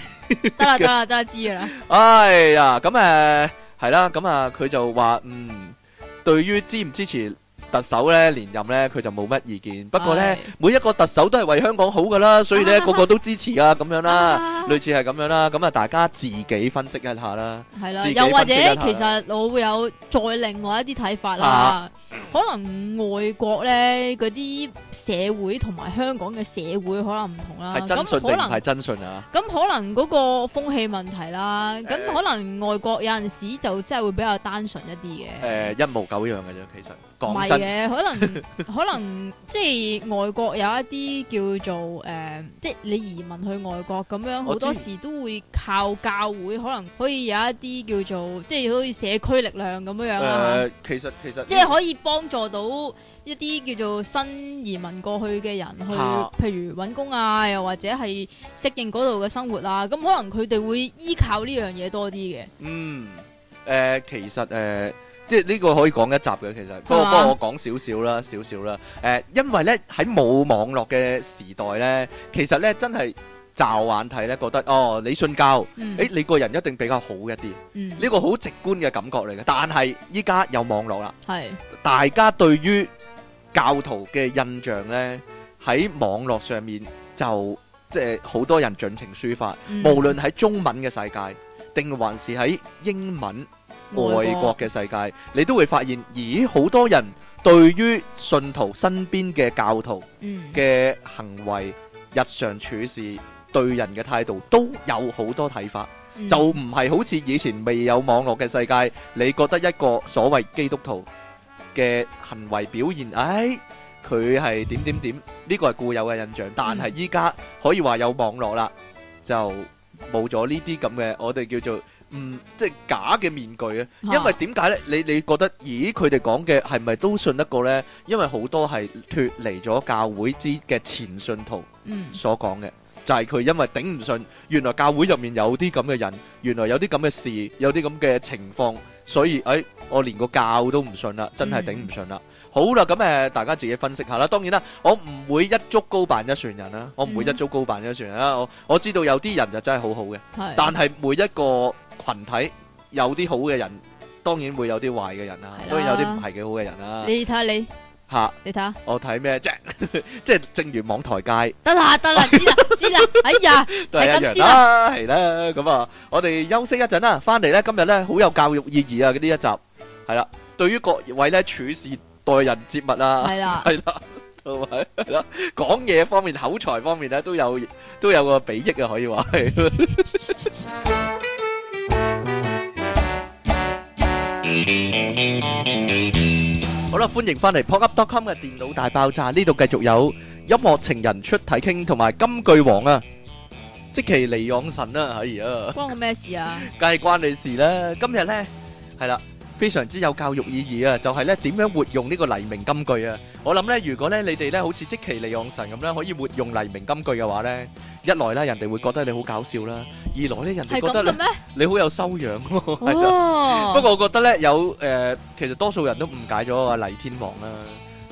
得啦得啦得啦，真係知啦。哎呀，咁誒。係啦，咁啊，佢就話嗯，對於支唔支持特首咧連任咧，佢就冇乜意見。不過咧，的每一個特首都係為香港好噶啦，所以咧、啊、個個都支持啊，咁樣啦，啊、類似係咁樣啦。咁啊，大家自己分析一下，的析一下啦，係啦，又或者其實我會有再另外一啲睇法啦。啊可能外國咧嗰啲社會同埋香港嘅社會可能唔同啦，咁係真可能係真信啊，咁可能嗰個風氣問題啦，咁、呃、可能外國有陣時就真係會比較單純一啲嘅，誒、呃、一模九樣嘅啫，其實。唔係嘅，可能可能即係外國有一啲叫做誒、呃，即係你移民去外國咁樣，好多時都會靠教會，可能可以有一啲叫做即係好似社區力量咁樣樣、啊、啦、呃、其實其實即係可以幫助到一啲叫做新移民過去嘅人去，啊、譬如搵工啊，又或者係適應嗰度嘅生活啊，咁可能佢哋會依靠呢樣嘢多啲嘅。嗯，誒、呃，其實誒。呃即係呢、這個可以講一集嘅其實，嗯、不過不過我講少少啦，少少啦。誒、呃，因為呢，喺冇網絡嘅時代呢，其實呢真係驟眼睇呢，覺得哦，你信教，誒、嗯、你個人一定比較好一啲，呢、嗯、個好直觀嘅感覺嚟嘅。但係依家有網絡啦，是大家對於教徒嘅印象呢，喺網絡上面就即係好多人盡情抒發，嗯、無論喺中文嘅世界定還是喺英文。外國嘅世界，你都會發現，咦，好多人對於信徒身邊嘅教徒嘅行為、日常處事、對人嘅態度都有好多睇法，就唔係好似以前未有網絡嘅世界，你覺得一個所謂基督徒嘅行為表現，誒，佢係點點點，呢個係固有嘅印象，但係依家可以話有網絡啦，就冇咗呢啲咁嘅，我哋叫做。嗯，即係假嘅面具啊！因為點解呢？你你覺得，咦？佢哋講嘅係咪都信得過呢？因為好多係脫離咗教會之嘅前信徒，嗯，所講嘅就係佢因為頂唔順，原來教會入面有啲咁嘅人，原來有啲咁嘅事，有啲咁嘅情況，所以，哎，我連個教都唔信啦，真係頂唔順啦。好啦，咁誒，大家自己分析下啦。當然啦，我唔會一竹篙打一船人啦，我唔會一竹篙打一船人啦。我我知道有啲人就真係好好嘅，但係每一個群體有啲好嘅人，當然會有啲壞嘅人啦，當然有啲唔係幾好嘅人啦。你睇下你吓，你睇下我睇咩啫？即係正如網台界，得啦得啦，知啦知啦，哎呀，係咁先啦，係啦。咁啊，我哋休息一陣啦，翻嚟咧，今日咧好有教育意義啊！呢一集係啦，對於各位咧處事待人接物啊，係啦係啦，同埋啦，講嘢方面、口才方面咧都有都有個裨益啊，可以話係。好啦，歡迎翻嚟 Pockup.com 嘅電腦大爆炸呢度，繼續有音樂情人出體 king，同埋金句王啊！積淇離岸神啦，哎呀，關我咩事啊？梗係關你事啦！今日呢，係啦。非常之有教育意義啊！就係咧點樣活用呢個黎明金句啊！我諗咧，如果咧你哋咧好似積淇離岸神咁咧，可以活用黎明金句嘅話咧，一來啦，人哋會覺得你好搞笑啦；二來咧，人哋覺得你好有修養。哦，不 過、哦、 我覺得咧，有誒、呃，其實多數人都誤解咗阿黎天王啦、啊，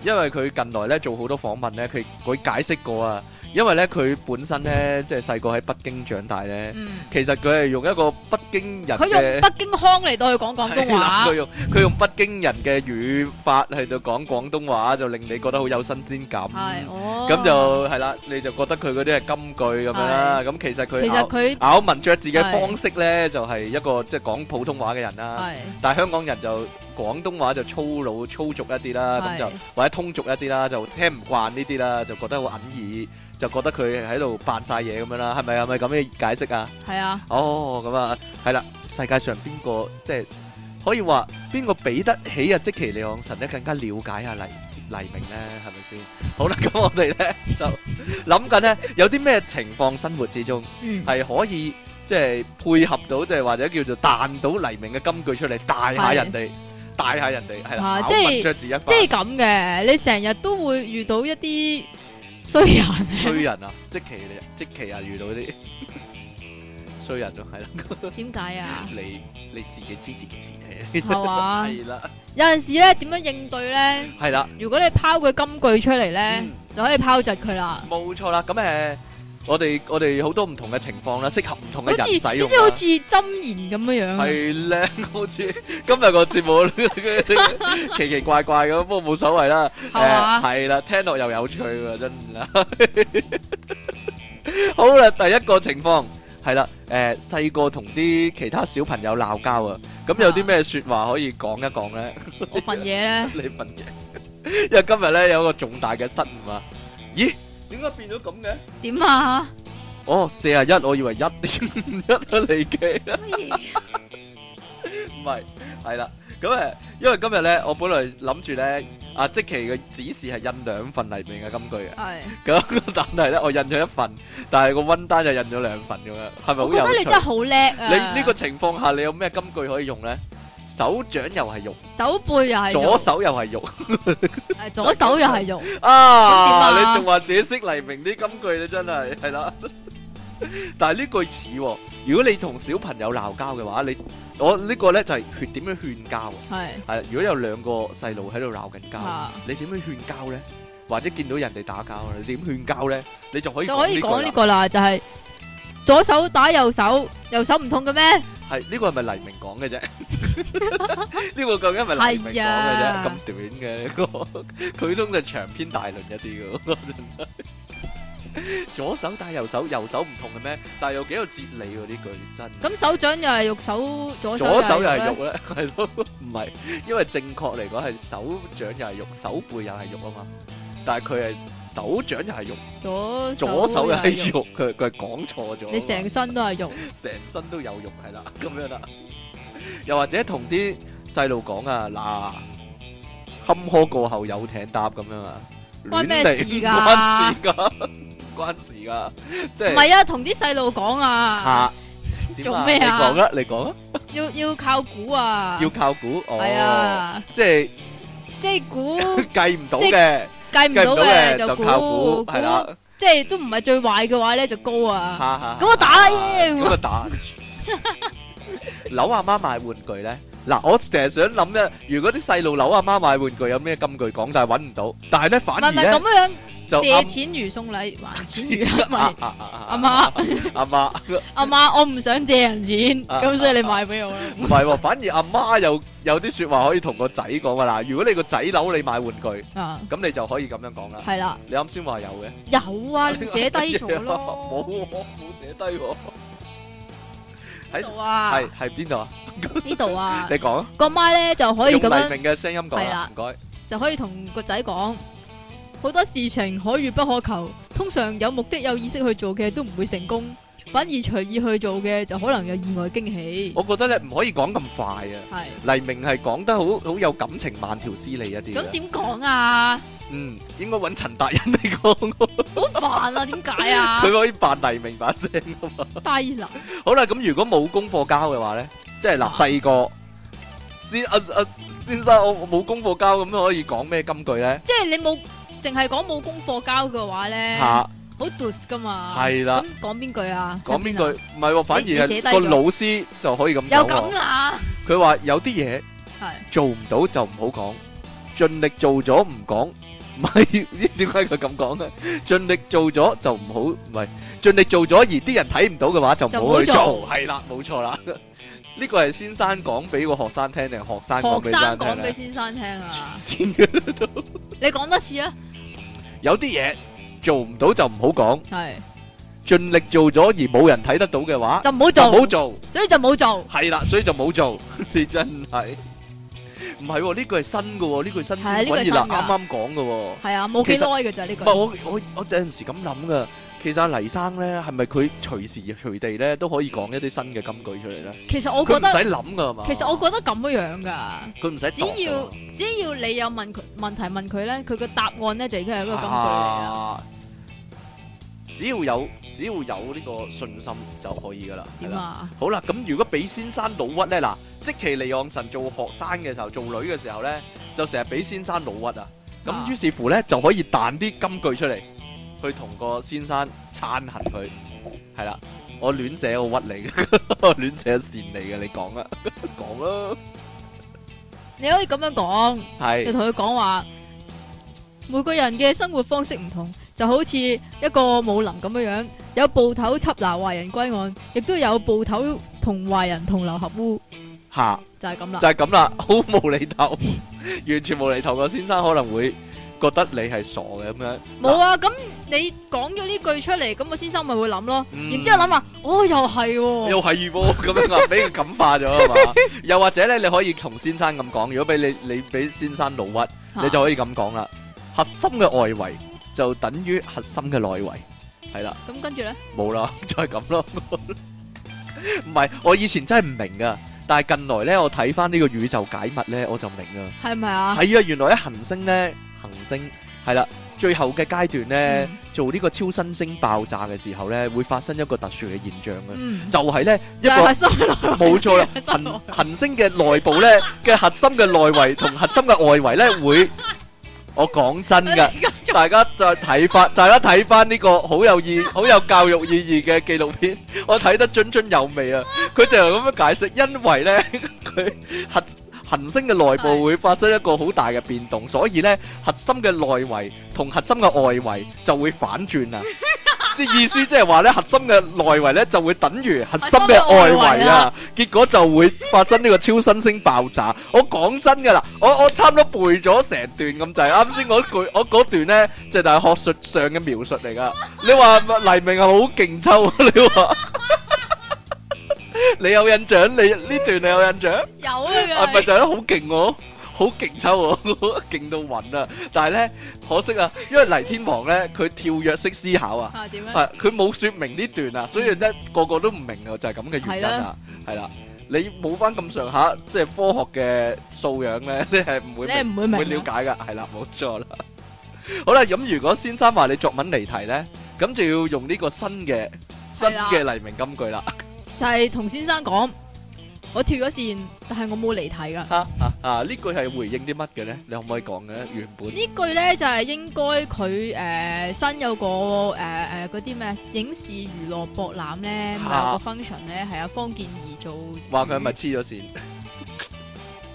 因為佢近來咧做好多訪問咧，佢佢解釋過啊。因為咧佢本身咧即係細個喺北京長大咧，其實佢係用一個北京人，佢用北京腔嚟到去講廣東話，佢用佢用北京人嘅語法去到講廣東話，就令你覺得好有新鮮感。係哦，咁就係啦，你就覺得佢嗰啲係金句咁樣啦。咁其實佢咬文嚼字嘅方式咧，就係一個即係講普通話嘅人啦。但係香港人就廣東話就粗魯粗俗一啲啦，咁就或者通俗一啲啦，就聽唔慣呢啲啦，就覺得好隱意。就覺得佢喺度扮晒嘢咁樣啦，係咪啊？係咪咁嘅解釋啊？係啊。哦，咁啊，係啦。世界上邊個即係可以話邊個比得起啊積淇離岸神咧更加了解下、啊、黎黎明咧，係咪先？好啦，咁我哋咧就諗緊咧有啲咩情況生活之中係可以即係、就是、配合到即係或者叫做彈到黎明嘅金句出嚟帶下人哋，帶下人哋係啦。即係即係咁嘅，你成日都會遇到一啲。衰人，衰人啊！ 積淇你、啊，積淇啊，遇到啲衰 人咯，係啦。點解啊？ 你你自己知自己事 吧，天係嘛？係啦。有陣時咧，點樣應對咧？係啦。如果你拋佢金句出嚟咧，嗯、就可以拋窒佢啦。冇錯啦，咁誒。呃我哋我哋好多唔同嘅情況啦，適合唔同嘅人使噶嘛，好似好似真言咁樣樣，係咧，好似今日個節目奇奇怪怪咁，不過冇所謂啦，係啦，聽落又有趣喎，真噶，好啦，第一個情況係啦，誒，細個同啲其他小朋友鬧交啊，咁有啲咩說話可以講一講咧？我份嘢咧，你份嘢，因為今日咧有個重大嘅失誤啊，咦？點解變咗咁嘅？點啊？哦，四啊一，我以為一， 一都離奇啊！唔係麼，係啦， 咁誒，因為今日咧，我本來諗住咧，阿、啊、積淇嘅指示係印兩份黎明嘅金句嘅，係的，咁 但係咧，我印咗一份，但係個温單就印咗兩份咁樣，係咪好有趣？我覺得你真係好叻你呢、這個情況下，你有咩金句可以用咧？手掌又係肉，手背又係，左手又係肉，左手又係肉啊！你仲話自己識黎明啲金句，你真係係啦。但係呢句似，如果你同小朋友鬧交嘅話，你我呢個咧就係學點樣勸交。係係，如果有兩個細路喺度鬧緊交，你點樣勸交咧？或者見到人哋打交，你點勸交咧？你就可以就可以講呢個啦，就係左手打右手，右手唔痛嘅咩？係呢個係咪黎明講嘅啫？呢個究竟係咪黎明講嘅啫，咁短嘅呢個，佢通常長篇大論一啲嘅。左手帶右手，右手唔同嘅咩？但係又幾有哲理喎？呢句真。咁手掌又係肉手，左手又係肉咧，係咯？唔係，因為正確嚟講係手掌又係肉，手背又係肉啊嘛。但係佢係。手掌又係肉，左左手又係肉，佢佢係講錯咗。你成身都係肉，成身都有肉係啦，咁樣啦。又或者同啲細路講啊，嗱，坎坷過後有艇搭咁樣啊，關咩事噶？關事噶？關事噶？即係唔係啊？同啲細路講啊，吓？做咩啊？講啊！你講啊？要要靠估啊？要靠估？係啊，即係即係估計唔到嘅。計唔到嘅就估猜，估即係都唔係最壞嘅話咧就高啊！咁 我打，咁啊打！扭阿媽買玩具咧，嗱，我成日想諗咧，如果啲細路扭阿媽買玩具，有咩金句講，但係搵唔到，但係咧反而咧。借錢如送禮，還錢如買阿媽，阿媽，阿媽，我唔想借人錢，咁所以你買俾我啦。唔係喎，反而阿媽有有啲說話可以同個仔講噶啦。如果你個仔樓你買玩具，咁你就可以咁樣講啦。係啦，你啱先話有嘅，有啊，你寫低咗咯。冇，冇寫低喎。喺度啊，係係邊度啊？呢度啊？你講。個媽咧就可以咁用黎明嘅聲音講，係啦，唔該，就可以同個仔講。好多事情可遇不可求，通常有目的、有意識去做嘅都唔會成功，反而隨意去做嘅就可能有意外驚喜。我覺得咧唔可以講咁快啊。係黎明係講得好好有感情，慢條斯理一啲。咁點講啊？嗯，應該揾陳達人嚟講。好煩啊！點解啊？佢可以扮黎明把聲啊嘛。低啦。好啦，咁如果冇功課交嘅話咧，即係嗱細個先啊啊，先生我冇功課交，咁可以講咩金句咧？即係你冇。淨係講冇功課交嘅話咧，好 dose 噶嘛？係啦，咁講邊句啊？講邊句？唔係，反而係寫個老師就可以咁講。有咁啊？佢話有啲嘢係做唔到就唔好講，盡力做咗唔講。唔係，點解佢咁講咧？盡力做咗就唔好，唔係盡力做咗而啲人睇唔到嘅話就唔好做。係啦，冇錯啦。呢個係先生講俾個學生聽定學生學生講俾先生聽啊？你講多次啊！有啲嘢做唔到就唔好講，係盡力做咗而冇人睇得到嘅話就唔好做，唔好做，所以就冇做。係啦，所以就冇做。你真係唔係？呢句係新嘅，呢句係新資訊，啱啱講嘅。係啊，冇幾耐嘅咋呢個。唔係我我我有陣時咁諗噶。其實黎生咧，係咪佢隨時隨地咧都可以講一啲新嘅金句出嚟咧？其實我覺得唔使諗噶，嘛？其實我覺得咁樣噶，佢唔使。只要只要你有問佢問題問呢，問佢咧，佢個答案咧就已經係一個金句嚟啦，啊。只要有只要有呢個信心就可以噶啦。點啊？好啦，咁如果俾先生老屈咧，嗱，即積淇離岸神做學生嘅時候，做女嘅時候咧，就成日俾先生老屈啊，咁於是乎咧、啊、就可以彈啲金句出嚟。去同個先生撐行佢，係啦，我亂寫我屈你嘅，亂寫善嚟嘅。你講啦，講啦，你可以咁樣講，係，你同佢講話，每個人嘅生活方式唔同，就好似一個武林咁樣樣，有捕頭緝拿壞人歸案，亦都有捕頭同壞人同流合污，吓，就係咁啦，就係咁啦，好無厘頭，完全無厘頭，個先生可能會。覺得你係傻嘅咁樣，冇啊！咁你講咗呢句出嚟，咁個先生咪會諗咯。然之後諗啊，哦，又係喎，又係喎，咁樣話，俾佢感化咗吖嘛？又或者咧，你可以同先生咁講，如果俾你你俾先生老屈，你就可以咁講啦。核心嘅外圍就等於核心嘅內圍，係啦。咁跟住咧？冇啦，再係咁咯。唔係，我以前真係唔明㗎，但係近來咧，我睇翻呢個宇宙解密咧，我就明啦。係咪啊？係啊，原來啲行星咧。行星係啦，最後嘅階段呢，嗯、做呢個超新星爆炸嘅時候呢，會發生一個特殊嘅現象嘅，嗯、就係呢一個冇錯啦，恆恆星嘅內部呢，嘅核心嘅內圍同核心嘅外圍呢，會，我講真噶， 大家再睇翻，大家睇翻呢個好有意、好 有教育意義嘅紀錄片，我睇得津津有味啊！佢就咁樣解釋，因為呢，佢核、核恆星嘅內部會發生一個好大嘅變動，所以咧核心嘅內圍同核心嘅外圍就會反轉啊！即係 意思即係話咧，核心嘅內圍咧就會等於核心嘅外圍啊，圍結果就會發生呢個超新星爆炸。我講真噶啦，我我差唔多背咗成段咁就係啱先句，我嗰段呢即係就係、是、學術上嘅描述嚟噶。你話黎明係好勁抽啊！你話。 你有印象？你呢段你有印象？有啊，咪就係咯，好勁喎，好勁抽喎，勁到暈啊！但係咧，可惜啊，因為黎天王咧，佢跳躍式思考啊，係佢冇說明呢段啊，所以咧個個都唔明啊，就係咁嘅原因啊，係啦，你冇翻咁上下即係科學嘅素養咧，你係唔會，你唔會唔會了解噶，係啦，冇錯啦。好啦，咁如果先生話你作文離題咧，咁就要用呢個新嘅新嘅黎明金句啦。就係同先生講，我跳咗線，但係我冇離題噶。啊啊啊！呢句係回應啲乜嘅咧？你可唔可以講嘅咧？原本呢句咧就係應該佢誒新有個誒誒嗰啲咩影視娛樂博覽咧，有個 function 咧係阿方健儀做。話佢係咪黐咗線？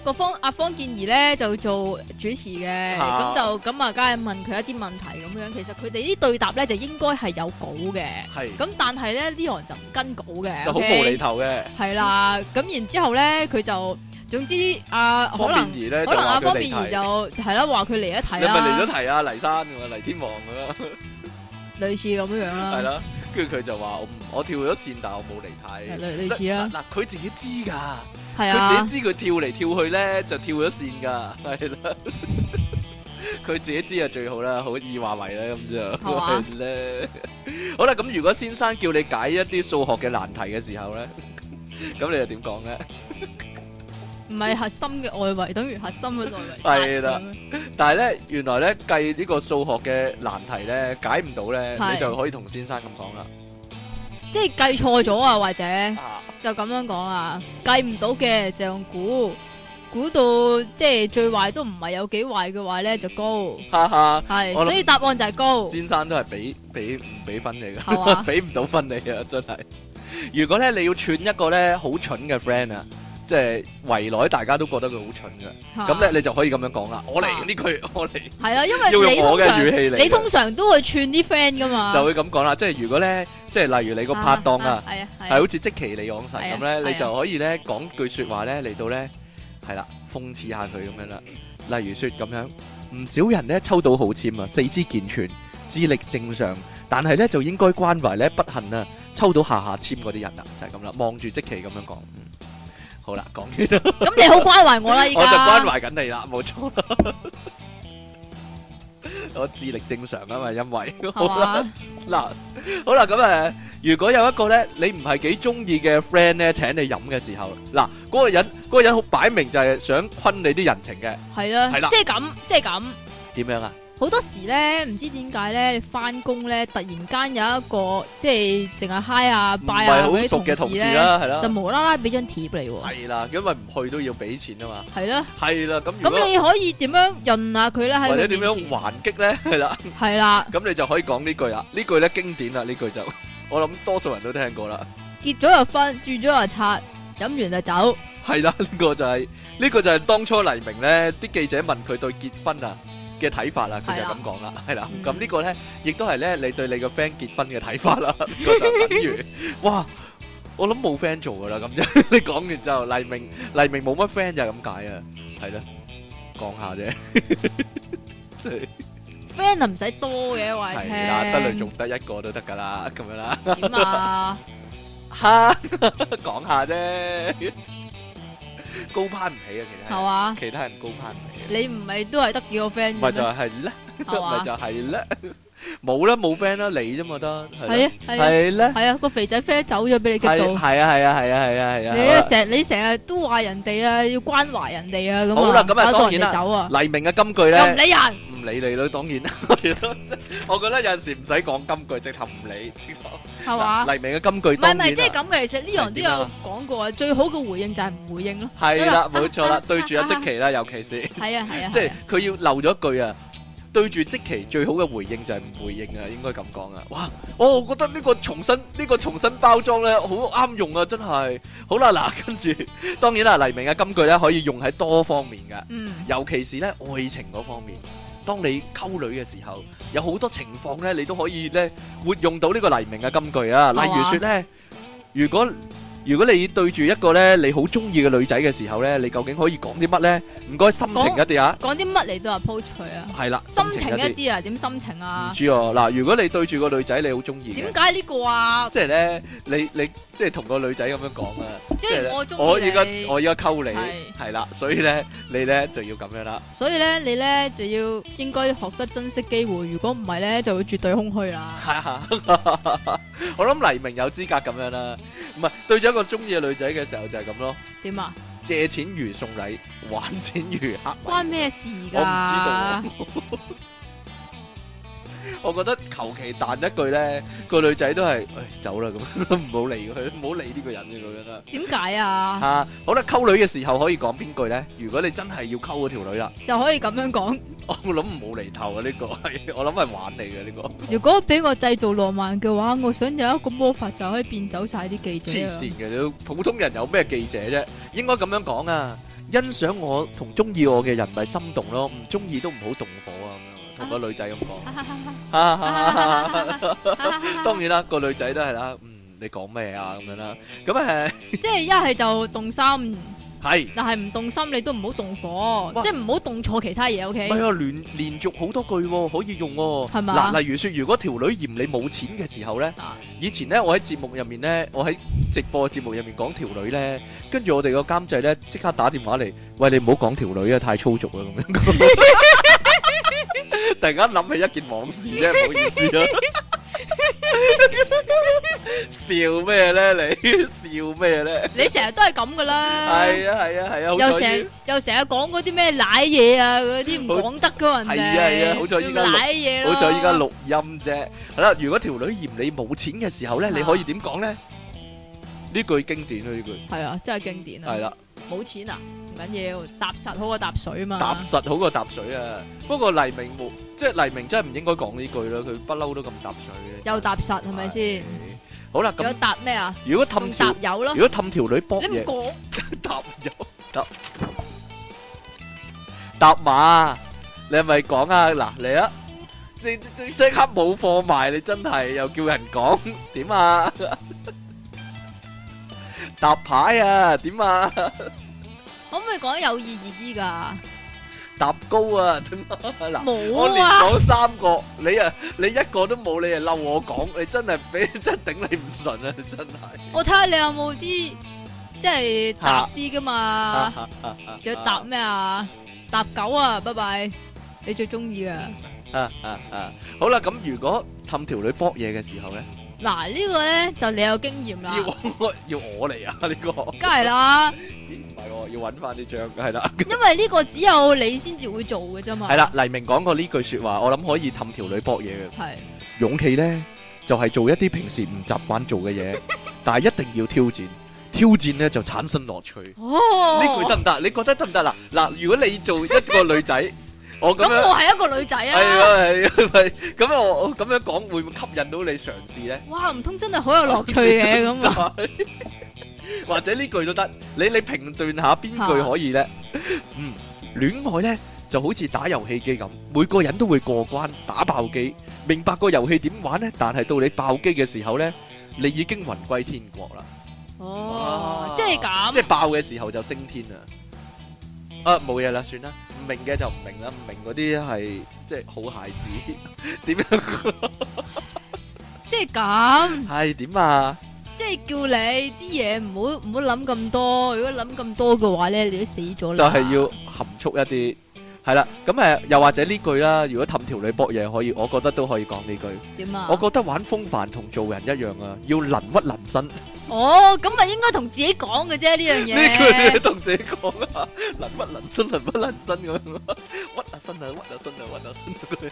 個方，阿方健儀咧就做主持嘅，咁就咁啊，梗係問佢一啲問題咁樣。其實佢哋啲對答咧就應該係有稿嘅，係。咁但係咧呢行就唔跟稿嘅，就好無厘頭嘅。係啦，咁然之後咧佢就，總之阿可能可能阿方健儀就係啦，話佢離咗題啊，離咗題啊，黎生啊，黎天王咁咯，類似咁樣樣啦。跟住佢就話：我我跳咗線，但我冇嚟睇。類類似啦。嗱、啊，佢、啊啊啊啊、自己知㗎，係啊，佢自己知佢跳嚟跳去咧，就跳咗線㗎。係啦，佢 自己知就最好啦，好易華為啦咁就。係 是的 啊。 好啦、啊，咁如果先生叫你解一啲數學嘅難題嘅時候咧，咁 你又點講咧？ 唔係核心嘅外圍，等於核心嘅外圍係啦。但係咧，原來咧計呢個數學嘅難題咧解唔到咧，你就可以同先生咁講啦。即係計錯咗啊，或者就咁樣講啊，計唔到嘅就用估估到，即係最壞都唔係有幾壞嘅話咧就高。哈哈，係，所以答案就係高。先生都係俾俾唔俾分你噶，俾唔到分你啊，真係。如果咧你要串一個咧好蠢嘅 friend 啊。即係圍內大家都覺得佢好蠢嘅，咁咧、啊、你就可以咁樣講啦、啊。我嚟呢句，我嚟。係啊， 因為你通常 用我語你通常都會串啲 friend 噶嘛。 就會咁講啦，即係如果咧，即係例如你個拍檔啊，係、啊啊哎哎、好似積淇離岸神咁咧，哎、呀你就可以咧、哎、呀講句説話咧嚟到咧係啦，諷刺下佢咁樣啦。例如説咁樣，唔少人咧抽到好籤啊，四肢健全，智力正常，但係咧就應該關懷咧，不幸啊抽到下下籤嗰啲人啊，就係咁啦。望住積淇咁樣講。好啦，講完啦。咁你好關懷我啦，依家我就關懷緊你啦，冇錯。我智力正常啊嘛，因為好啦，嗱，好啦，咁誒，如果有一個咧，你唔係幾中意嘅 friend 咧，請你飲嘅時候，嗱，嗰個人嗰個人好擺明就係想昆你啲人情嘅，係啦，係啦，即係咁，即係咁，點樣啊？好多時咧，唔知點解咧，翻工咧突然間有一個即係淨係 hi 啊、拜啊好熟嘅同事咧，就無啦啦俾張帖嚟喎。係啦，因為唔去都要俾錢啊嘛。係咯。係啦，咁咁你可以點樣潤下佢咧？或者點樣還擊咧？係啦。係啦。咁你就可以講呢句啊，呢句咧經典啦，呢句就我諗多數人都聽過啦。結咗又分，住咗又拆，飲完就走。係啦，呢個就係呢個就係當初黎明咧，啲記者問佢對結婚啊。嘅睇法啦，佢就咁講啦，係啦，咁呢個咧，亦都係咧，你對你個 friend 結婚嘅睇法啦，嗰就等於哇，我諗冇 friend 做噶啦。咁樣你講完之後，黎明黎明冇乜 friend 就咁解啊？係啦，講下啫，即係，friend 就唔使多嘅，因為得嚟，仲得一個都得噶啦。咁樣啦，點啊？哈，講下啫。高攀唔起啊，其他其他人高攀唔起。吧你唔係都係得幾個 friend？咪就係啦，咪吧 就係啦。冇啦，冇 friend 啦，你啫嘛得，係啊係咧，係啊個肥仔 friend 走咗俾你激到，係啊係啊係啊係啊係啊，你啊成你成日都話人哋啊要關懷人哋啊咁，好啦咁啊當然走啊，黎明嘅金句咧，又唔理人，唔理你啦，當然係咯，我覺得有陣時唔使講金句，直頭唔理，係嘛，黎明嘅金句，唔係唔係即係咁嘅，其實呢樣都有講過啊，最好嘅回應就係唔回應咯，係啦冇錯啦，對住阿積淇啦，尤其是，係啊係啊，即係佢要留咗一句啊。對住即期最好嘅回應就係唔回應啊，應該咁講啊！哇，我覺得呢個重新呢、呢個重新包裝呢，好啱用啊，真係好啦嗱。跟住當然啦，黎明嘅金句呢，可以用喺多方面嘅。嗯、尤其是呢愛情嗰方面。當你溝女嘅時候，有好多情況呢，你都可以呢活用到呢個黎明嘅金句啊。例如説呢，如果如果你對住一個咧你好中意嘅女仔嘅時候咧，你究竟可以講啲乜咧？唔該，心情一啲啊！講啲乜你都話 po 出佢啊！係啦了，心情一啲啊？點心情啊？唔知哦、啊。嗱，如果你對住個女仔你好中意，點解呢個啊？即係咧，你你，你即係同個女仔咁樣講啊！ 即係呢我中意你。我依家我依家溝你，係啦是，所以咧你咧就要咁樣啦。所以咧你咧就要應該學得珍惜機會，如果唔係咧就會絕對空虛啦。係啊，我諗黎明有資格咁樣啦。唔係對住一個中意嘅女仔嘅時候，就係咁咯。點啊？借錢如送禮，玩錢如黑。關咩事㗎、啊？我唔知道、啊。 我覺得求其彈一句咧，個女仔都係，誒，走啦咁，唔好理佢，唔好理呢個人嘅咁樣啦。點解啊？吓，好啦，溝女嘅時候可以講邊句咧？如果你真係要溝嗰條女啦，就可以咁樣講，啊，這個。我諗冇厘頭啊呢個，係我諗係玩你嘅呢個。如果俾我製造浪漫嘅話，我想有一個魔法就可以變走晒啲記者。黐線嘅，普通人有咩記者啫？應該咁樣講啊，欣賞我同中意我嘅人咪心動咯，唔中意都唔好動火啊同個女仔咁講，當然啦，個女仔都係啦。嗯，你講咩啊？咁樣啦，咁誒，即係一係就動心，係，但係唔動心，你都唔好動火，即係唔好動錯其他嘢。OK，係啊，連連續好多句可以用喎。係嘛？嗱，例如説，如果條女嫌你冇錢嘅時候咧，以前咧，我喺節目入面咧，我喺直播節目入面講條女咧，跟住我哋個監製咧，即刻打電話嚟，喂，你唔好講條女啊，太粗俗啦咁樣。突然間諗起一件往事咧，唔好意思咯。笑咩咧？你笑咩咧？你成日都係咁噶啦。係啊係啊係啊，又成又成日講嗰啲咩奶嘢啊，嗰啲唔講得噶人哋。係啊係啊，好彩依家錄。奶嘢咯。好彩依家錄音啫。係啦，如果條女嫌你冇錢嘅時候咧，你可以點講咧？呢句經典啊！呢句。係啊，真係經典啊！係啦。冇錢啊，唔緊要，踏實好過踏水啊嘛。踏實好過踏水啊，不過黎明冇，即係黎明真係唔應該講呢句啦，佢不嬲都咁踏水嘅。又踏實係咪先？好啦，咁有踏咩啊？如果氹踏油咯，如果氹條女幫你，你唔講？踏油，踏踏馬，你係咪講啊？嗱，嚟啊！你你即刻冇貨埋，你真係又叫人講點啊？搭牌啊？點啊？可唔可以講有意義啲噶？搭高啊？點啊？嗱，我連講三個，你啊，你一個都冇，你啊嬲我講，你真係俾真頂你唔順啊！真係。我睇下你有冇啲即係搭啲噶嘛？仲要搭咩啊？搭狗啊！拜拜，你最中意嘅。啊啊啊！好啦，咁如果氹條女搏嘢嘅時候咧？嗱呢個咧就你有經驗啦，要我要我嚟啊呢個，梗係啦，咦唔係喎，要揾翻啲賬係啦，因為呢個只有你先至會做嘅啫嘛，係啦黎明講過呢句說話，我諗可以氹條女搏嘢嘅，係勇氣咧就係做一啲平時唔習慣做嘅嘢，但係一定要挑戰，挑戰咧就產生樂趣，哦呢句得唔得？你覺得得唔得？啦嗱，如果你做一個女仔。咁我係一個女仔啊，係啊係，咁我咁樣講會唔會吸引到你嘗試咧？哇，唔通真係好有樂趣嘅咁 或者呢句都得，你你評斷下邊句可以咧？啊、嗯，戀愛咧就好似打遊戲機咁，每個人都會過關打爆機，明白個遊戲點玩咧？但係到你爆機嘅時候咧，你已經魂歸天國啦。哦，哇即係咁，即係爆嘅時候就升天啦！啊，冇嘢啦，算啦，唔明嘅就唔明啦，唔明嗰啲係即係好孩子，點樣？即係咁，係點啊？即係叫你啲嘢，唔好唔好諗咁多，如果諗咁多嘅話咧，你都死咗啦。就係要含蓄一啲，係啦，咁誒，又或者呢句啦，如果氹條女搏嘢，可以，我覺得都可以講呢句。點啊？我覺得玩風帆同做人一樣啊，要能屈能伸。哦，咁咪應該同自己講嘅啫呢樣嘢，同自己講啊，能屈能伸，能屈能伸咁樣，屈下身啊，屈下身啊，屈下身啊，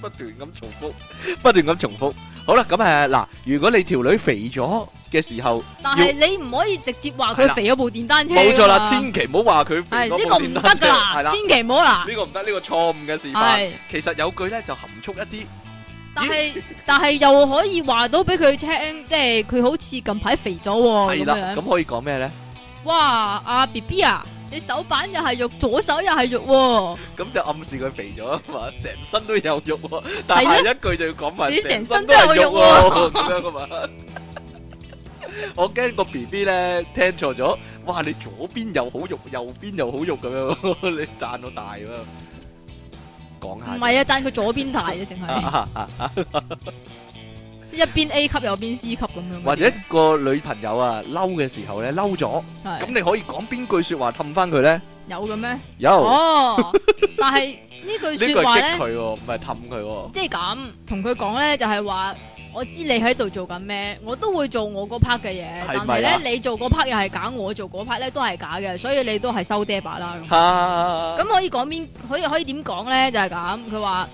不斷咁重複，不斷咁重複。好啦，咁誒嗱，如果你條女肥咗嘅時候，但係你唔可以直接話佢肥咗部電單車。冇錯啦，千祈唔好話佢肥咗部電單車。係呢個唔得噶啦，千祈唔好啦，呢個唔得，呢個錯誤嘅示範。係，其實有句咧就含蓄一啲。但係但係，又可以話到俾佢聽，即係佢好似近排肥咗喎係喇，咁樣。咁可以講咩咧？哇，阿 BB 啊，你手板又係肉，左手又係肉，咁就暗示佢肥咗啊嘛，成身都有肉。但係一句就要講埋你成身都有肉啊，咁樣噶嘛。我驚個 BB 咧聽錯咗，哇！你左邊又好肉，右邊又好肉咁樣，你賺到大喎。唔係啊，讚佢左邊大啊，淨係 一邊 A 級，右邊 C 級咁樣。或者個女朋友啊嬲嘅時候咧嬲咗，咁是你可以講邊句說話氹翻佢咧？有嘅咩？有哦，但係呢句說話咧，唔係氹佢，即係咁同佢講咧，就係、是、話。我知你喺度做緊咩，我都會做我嗰 part 嘅嘢。但係咧、啊、你做嗰 part 又係假，我做嗰 part 咧都係假嘅，所以你都係收爹爸啦。咁、uh, 嗯嗯嗯、可以講邊可以可以點講咧？就係、是、咁，佢話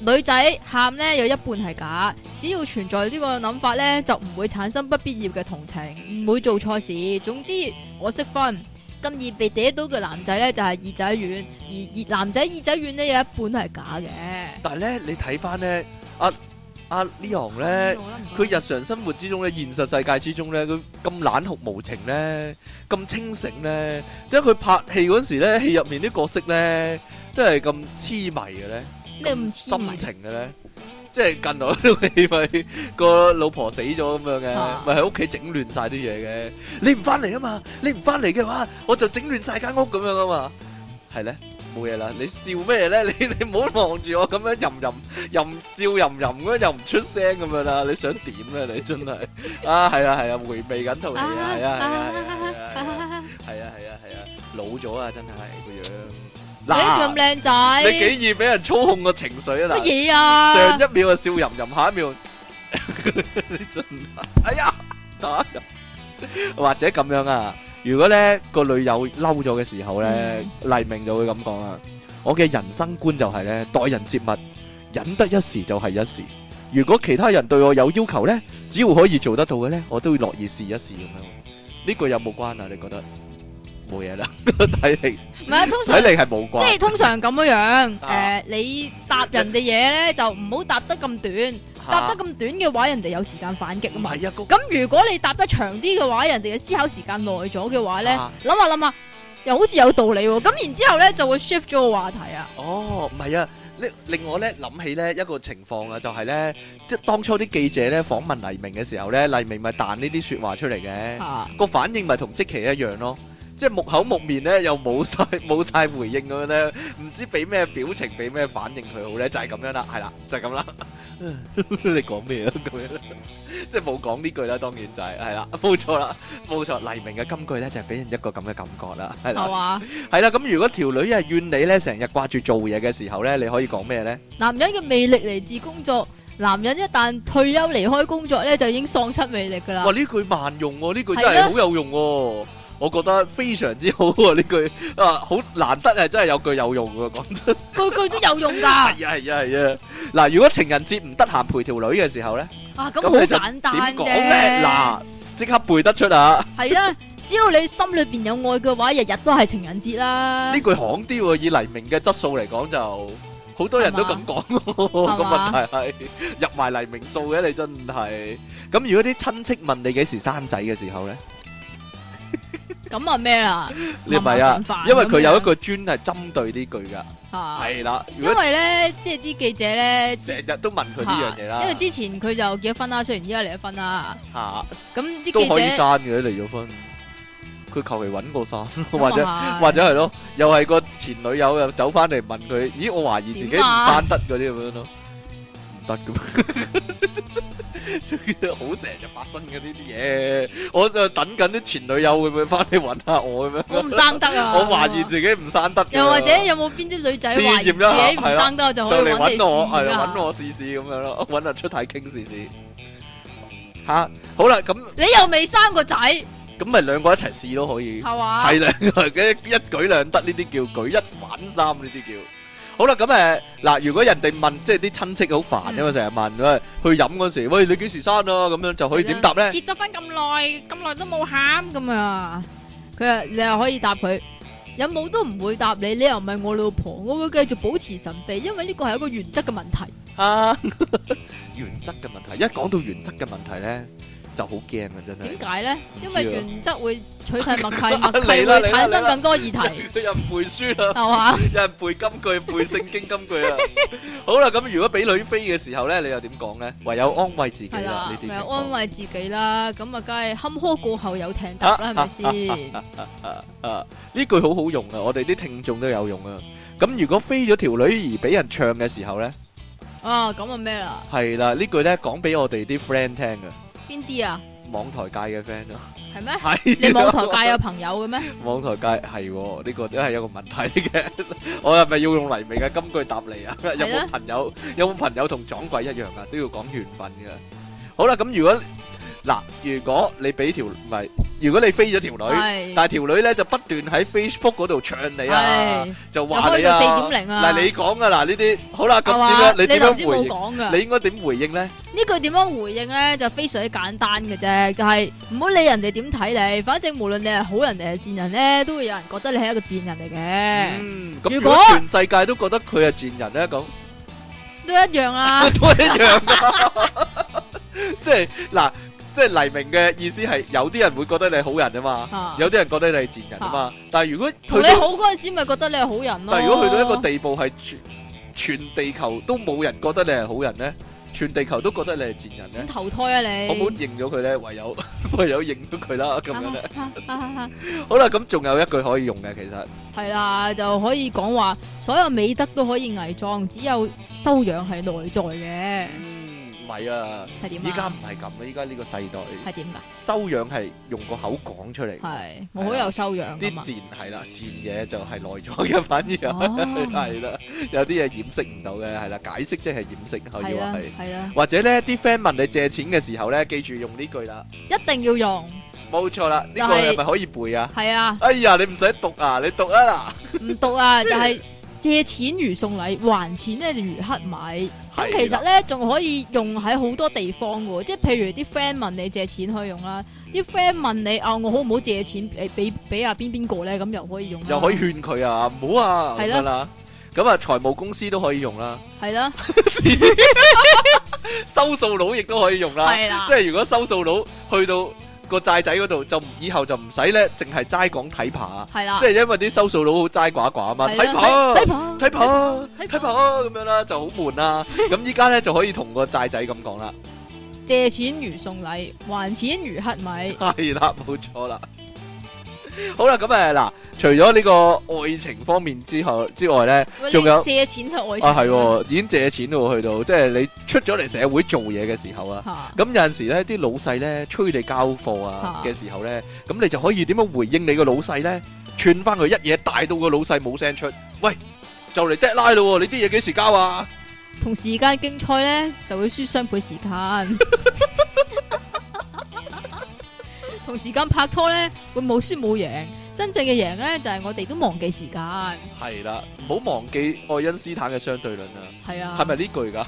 女仔喊咧有一半係假，只要存在個呢個諗法咧，就唔會產生不必要嘅同情，唔會做錯事。總之我識分，咁易被嗲到嘅男仔呢、就是、二仔咧就係耳仔軟，而男仔二仔耳仔軟呢有一半係假嘅。但係咧，你睇翻咧阿。啊阿 Leon 咧，佢日常生活之中咧，現實世界之中咧，佢咁冷酷無情咧，咁清醒咧，點解佢拍戲嗰時咧，戲入面啲角色咧，真係咁痴迷嘅咧，深情嘅咧，即係近來啲戲咪個老婆死咗咁樣嘅，咪喺屋企整亂晒啲嘢嘅，你唔翻嚟啊嘛，你唔翻嚟嘅話，我就整亂晒間屋咁樣啊嘛，係咧。冇嘢啦，你笑咩咧？你你唔好望住我咁樣吟吟吟笑吟吟咁樣又唔出聲咁樣啦！你想點咧？你真係啊，係啊係啊，回味緊套戲啊，係啊係啊係啊係啊係啊，老咗啊，真係個樣嗱咁靚仔，你幾易俾人操控個情緒啊嗱，乜嘢啊？上一秒啊笑吟吟，下一秒，你真係哎呀打人，或者咁樣啊？如果咧個女友嬲咗嘅時候咧，黎明就會咁講啦。我嘅人生觀就係咧，待人接物忍得一時就係一時。如果其他人對我有要求咧，只要可以做得到嘅咧，我都會樂意試一試咁樣。呢個有冇關啊？你覺得冇嘢啦，睇嚟唔係啊。通常睇嚟係冇關，即係通常咁樣樣誒，你答人嘅嘢咧就唔好答得咁短。答、啊、得咁短嘅話，人哋有時間反擊啊嘛。咁如果你答得長啲嘅話，人哋嘅思考時間耐咗嘅話咧，諗下諗下，又好似有道理喎、哦。咁然之後咧，就會 shift 咗個話題、哦、啊。哦，唔係啊，你令我咧諗起咧一個情況啊，就係、是、咧，即當初啲記者咧訪問黎明嘅時候咧，黎明咪彈呢啲説話出嚟嘅，個、啊、反應咪同即期一樣咯。即係木口木面咧，又冇晒冇晒回應咁樣咧，唔知俾咩表情俾咩反應佢好咧，就係咁樣啦，係啦，就係咁啦。你講咩啊？咁樣即係冇講呢句啦，當然就係係啦，冇錯啦，冇錯。黎明嘅金句咧，就係俾人一個咁嘅感覺啦，係啦。係啊，係啦。咁如果條女係怨你咧，成日掛住做嘢嘅時候咧，你可以講咩咧？男人嘅魅力嚟自工作，男人一旦退休離開工作咧，就已經喪失魅力噶啦。哇！呢句萬用喎，呢句真係好有用喎。我覺得非常之好喎，呢句啊好難得啊，真係有句有用嘅，講真句句都有用噶。係啊係啊係啊！嗱，如果情人節唔得閒陪條女嘅時候咧，啊咁好簡單嘅，嗱即刻背得出啊。係啊，只要你心裏邊有愛嘅話，日日都係情人節啦。呢句行啲喎，以黎明嘅質素嚟講，就好多人都咁講喎。個問題係入埋黎明數嘅，你真係。咁如果啲親戚問你幾時生仔嘅時候咧？咁啊咩啦？你唔係啊，慢慢飯飯 因為佢有一個專係針對呢句噶，係啦、啊。因為咧，即係啲記者咧成日都問佢呢樣嘢啦、啊。因為之前佢就結咗婚啦，雖然而家離咗婚啦。吓、啊，咁啲記者都可以刪嘅，離咗婚，佢求其揾個刪， 或者、啊、或者係咯，又係個前女友又走翻嚟問佢，咦？我懷疑自己唔刪得嗰啲咁樣咯、啊。 得噶嘛？就見得好成日發生嘅呢啲嘢，我就等緊啲前女友會唔會翻嚟揾下我咁樣。我唔生得啊！我懷疑自己唔生得。又或者有冇邊啲女仔懷疑自己唔生得，我就可以揾我，係啊，揾我試試咁樣咯，揾阿出體傾試試。吓，好啦，咁你又未生個仔，咁咪兩個一齊試都可以。係嘛？係兩個一一舉兩得，呢啲叫舉一反三，呢啲叫。好啦，咁誒，嗱，如果人哋問，即係啲親戚好煩啊嘛，成日、嗯、問喂，去飲嗰時喂，你幾時生咯、啊？咁樣就可以點答咧？結咗婚咁耐，咁耐都冇喊咁啊！佢啊，你又可以答佢，有冇都唔會答你，你又唔係我老婆，我會繼續保持神秘，因為呢個係一個原則嘅問題。吓、啊， 原則嘅問題，一講到原則嘅問題咧。就好驚啊！真係點解咧？因為原則會取替默契，默契會產生更多議題。有人背書啦，係嘛？有人背金句，背聖經金句啦。好啦，咁如果俾女飛嘅時候咧，你又點講咧？唯有安慰自己啦。呢啲嘢，唯有安慰自己啦。咁啊，梗係坎坷過後有艇搭啦，係咪先？啊！呢句好好用啊！我哋啲聽眾都有用啊！咁如果飛咗條女而俾人唱嘅時候咧，啊！咁啊咩啦？係啦，呢句咧講俾我哋啲 friend 聽嘅。邊啲啊？網台界嘅 friend 咯，係咩？係你網台界有朋友嘅咩？ 網台界係呢、哦這個都係有個問題嘅， 我係咪要用黎明嘅金句答你啊？ 有冇朋友？有冇朋友同撞鬼一樣啊？都要講緣分嘅。好啦，咁如果。嗱，如果你俾條唔係，如果你飛咗條女，但係條女咧就不斷喺 Facebook 嗰度唱你啊，就話你啊，嗱你講㗎喇，嗱呢啲好啦，咁點咧？你頭先冇講㗎？你應該點回應咧？呢句點樣回應咧？就非常之簡單嘅啫，就係唔好理人哋點睇你，反正無論你係好人定係賤人咧，都會有人覺得你係一個賤人嚟嘅。嗯，咁如果全世界都覺得佢係賤人咧，咁都一樣啊，都一樣㗎，即係嗱。即係黎明嘅意思係，有啲人會覺得你好人啊嘛，啊有啲人覺得你係賤人啊嘛。啊但係如果同你好嗰陣時，咪覺得你係好人咯。但係如果去到一個地步全，係全地球都冇人覺得你係好人咧，全地球都覺得你係賤人咧。點投胎啊你！我冇認咗佢咧，唯有 唯有認咗佢啦，咁樣咧。好啦，咁仲有一句可以用嘅，其實係啦，就可以講話，所有美德都可以偽裝，只有修養係內在嘅。唔係啊，係點？依家唔係咁嘅，依家呢個世代係點㗎？修養係用個口講出嚟，係我好有修養啲。賤係啦，賤嘢就係內在嘅，反而係啦，有啲嘢掩飾唔到嘅係啦，解釋即係掩飾，好似話係。係啊，或者咧啲 friend 問你借錢嘅時候咧，記住用呢句啦，一定要用。冇錯啦，呢個係咪可以背啊？係啊。哎呀，你唔使讀啊，你讀啊嗱，唔讀啊就係。借錢如送禮，還錢咧就如乞米。咁 其實咧仲可以用喺好多地方嘅，即係譬如啲 friend 問你借錢可以用啦，啲 friend、嗯、問你啊，我好唔好借錢誒，俾俾阿邊邊個咧，咁又可以用。又可以勸佢啊，唔好啊，係啦的，咁啊，財務公司都可以用啦，係咯，收數佬亦都可以用啦，是的 即係如果收數佬去到。個債仔嗰度就以後就唔使咧，淨係齋講睇扒，係啦，即係因為啲收數佬好齋寡寡啊嘛，睇扒睇扒睇扒睇扒咁樣啦，就好悶啦。咁依家咧就可以同個債仔咁講啦，借錢如送禮，還錢如乞米，係啦，冇錯啦。 好啦，咁誒，嗱，除咗呢個愛情方面之後之外咧，仲有借錢同愛情啊，係已經借錢咯去到，即係你出咗嚟社會做嘢嘅時候啊，咁有陣時咧，啲老細咧催你交貨啊嘅時候咧，咁你就可以點樣回應你個老細咧？串翻佢一嘢大到個老細冇聲出，喂，就嚟 deadline 咯，你啲嘢幾時交啊？同時間競賽咧，就會輸雙倍時間。同時間拍拖咧，會冇輸冇贏，真正嘅贏咧就係、是、我哋都忘記時間。係啦、啊，唔好忘記愛因斯坦嘅相對論啦。係啊，係咪呢句噶？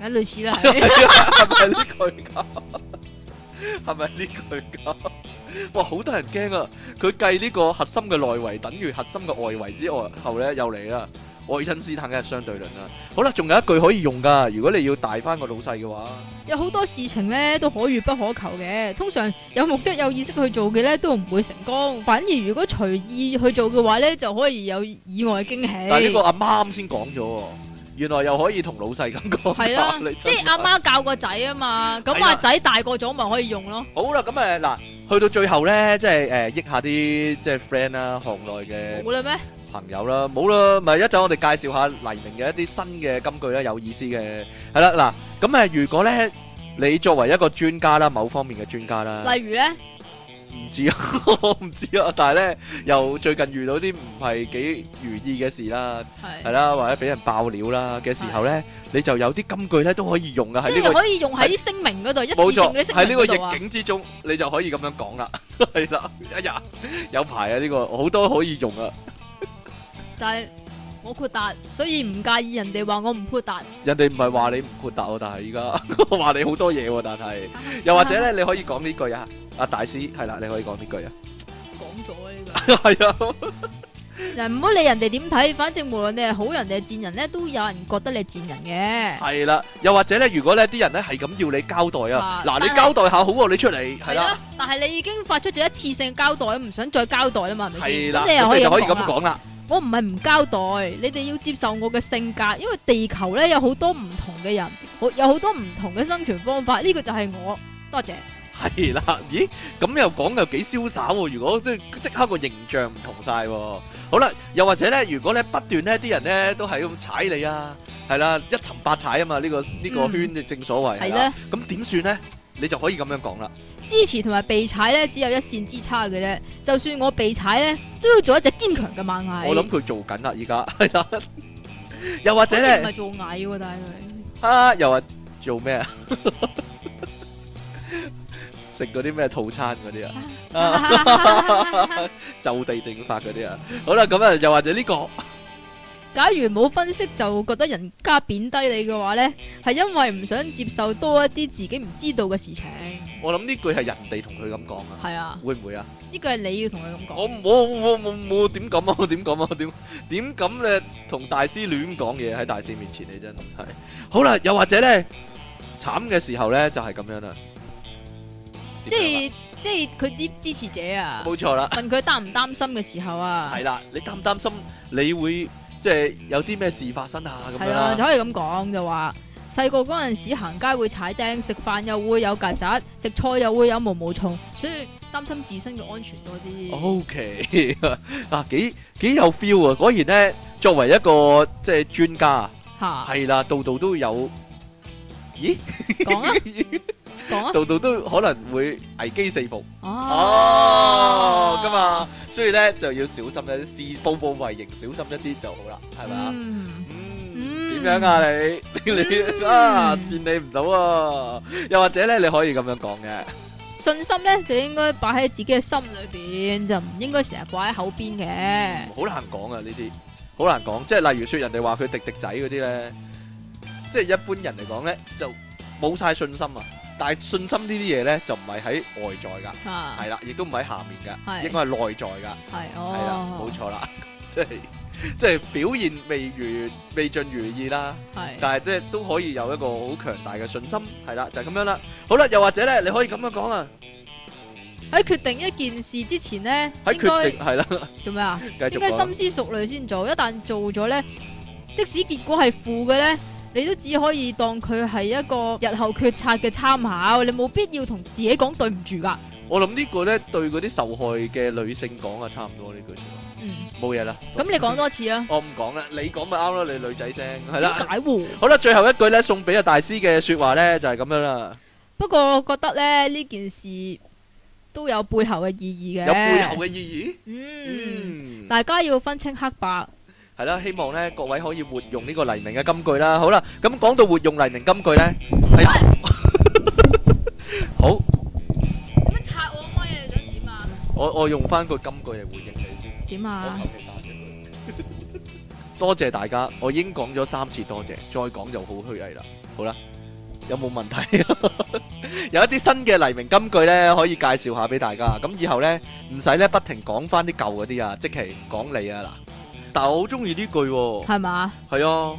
係、啊、類似啦，係咪呢句噶？係咪呢句噶？哇，好多人驚啊！佢計呢個核心嘅內圍等於核心嘅外圍之外後咧，又嚟啦。愛因斯坦嘅相對論啦，好啦，仲有一句可以用㗎，如果你要大返個老細嘅話，有好多事情咧都可遇不可求嘅。通常有目的有意識去做嘅咧都唔會成功，反而如果隨意去做嘅話咧就可以有意外驚喜。但係呢個阿媽啱先講咗喎，原來又可以同老細咁講，係啦、啊， 即係阿媽，媽教個仔啊嘛，咁阿仔大個咗咪可以用咯。啊、好啦，咁誒嗱，去到最後咧，即係誒、呃、益下啲即係 friend 啦，行內嘅冇啦咩？朋友啦，冇啦，咪一陣我哋介紹下黎明嘅一啲新嘅金句啦，有意思嘅係啦嗱，咁啊如果咧你作為一個專家啦，某方面嘅專家啦，例如咧唔知啊，我唔知啊，但係咧又最近遇到啲唔係幾如意嘅事啦，係係啦，或者俾人爆料啦嘅時候咧，的你就有啲金句咧都可以用㗎，即係、這個、可以用喺啲聲明嗰度，在一次性喺呢個逆境之中，啊、你就可以咁樣講啦，係啦，哎呀有排啊呢、這個好多可以用啊。就係我豁達，所以唔介意人哋話我唔豁達。人哋唔係話你唔豁達，但係依家我話你好多嘢。但係又或者咧，你可以講呢句啊，阿大師係啦，你可以講呢句啊，講咗啊呢句係啊，人唔好理人哋點睇，反正無論你係好人定係賤人咧，都有人覺得你係賤人嘅。係啦，又或者咧，如果咧啲人咧係咁要你交代啊，嗱你交代下好過你出嚟。係啊，但係你已經發出咗一次性交代，唔想再交代啦嘛，係啦，咁你又可以可以咁講啦。我唔係唔交代，你哋要接受我嘅性格，因為地球咧有好多唔同嘅人，有好多唔同嘅生存方法，呢、這個就係我。多謝。係啦、 嗯，咦，咁又講又幾瀟灑喎！如果即即刻個形象唔同晒，好啦，又或者咧，如果咧不斷咧啲人咧都係咁踩你啊，係啦，一沉百踩啊嘛，呢、這個呢、這個圈正所謂。係咧、嗯。咁點算咧？你就可以咁樣講啦，支持同埋被踩咧，只有一線之差嘅啫。就算我被踩咧，都要做一隻堅強嘅螞蟻。我諗佢做緊啦 或者，而家係啦，又或者咧，唔係做蟻喎，但係佢啊，又話做咩啊？食嗰啲咩套餐嗰啲啊？就地正法嗰啲啊？好啦，咁啊，又或者呢個？假如冇分析就覺得人家貶低你嘅話咧，係因為唔想接受多一啲自己唔知道嘅事情。我諗呢句係人哋同佢咁講啊。係啊，會唔會啊？呢句係你要同佢咁講。我冇冇冇冇點敢啊？我點敢啊？點點敢咧？同大師亂講嘢，喺大師面前你真係。好啦，又或者咧，慘嘅時候咧就係咁樣啦。即係即係佢啲支持者啊。冇錯啦。問佢擔唔擔心嘅時候啊。係啦，你擔唔擔心你會？即係有啲咩事發生啊！咁樣係就可以咁講就話，細個嗰陣時行街會踩釘，食飯又會有曱甴，食菜又會有毛毛蟲，所以擔心自身嘅安全多啲。OK，啊幾幾有 feel 啊！果然呢，作為一個即係專家，係啦哈，度度、啊、都有。咦？講啊吧！ 度度都可能會危機四伏，哦、啊，噉啊，所以咧就要小心一啲，步步為營小心一啲就好啦，係咪啊？嗯、點、嗯、樣啊你？你、嗯、 啊，見你唔到啊！又或者咧，你可以咁樣講嘅，信心咧就應該擺喺自己嘅心裏邊，就唔應該成日掛喺口邊嘅。好、嗯、難講啊呢啲，好難講，即係例如說人哋話佢滴滴仔嗰啲咧，即係一般人嚟講咧就冇晒信心啊！但係信心呢啲嘢咧，就唔係喺外在噶，係啦，亦都唔喺下面噶，應該係內在噶，係啦，冇錯啦，即係即係表現未如未盡如意啦，但係即係都可以有一個好強大嘅信心，係啦，就係咁樣啦。好啦，又或者咧，你可以咁樣講啊，喺決定一件事之前咧，喺決定係啦，做咩啊？應該深思熟慮先做，一旦做咗咧，即使結果係負嘅咧。你都只可以當佢係一個日後決策嘅參考，你冇必要同自己講對唔住噶。我諗呢個咧對嗰啲受害嘅女性講啊，差唔多呢句說話。嗯，冇嘢啦。咁、嗯、你講多次啊。我唔講啦，你講咪啱咯，你女仔聲係啦。解胡。好啦，最後一句咧送俾阿大師嘅說話呢，就係、是、咁樣啦。不過我覺得咧呢件事都有背後嘅意義嘅。有背後嘅意義。嗯。嗯，大家要分清黑白。係啦，希望咧各位可以活用呢個黎明嘅金句啦。好啦，咁講到活用黎明金句咧，好，點樣拆我乜嘢嚟啫？點啊？我我用翻個金句嚟回應你先。點啊？我求其答一句。多謝大家，我已經講咗三次多謝，再講就好虛偽啦。好啦，有冇問題？有一啲新嘅黎明金句咧，可以介紹下俾大家。咁以後咧，唔使咧不停講翻啲舊嗰啲啊，即期講你啊嗱。但我好中意呢句喎，係嘛？係啊嗎。.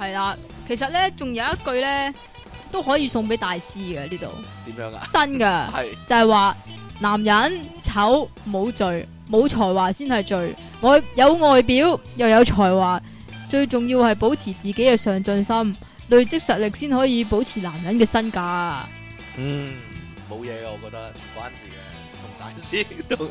係啦，其實咧仲有一句咧都可以送俾大師嘅呢度。點樣啊？新嘅的係， 是 就係話男人醜冇罪，冇才華先係罪。我有外表又有才華，最重要係保持自己嘅上進心，累積實力先可以保持男人嘅身價。嗯，冇嘢，我覺得。同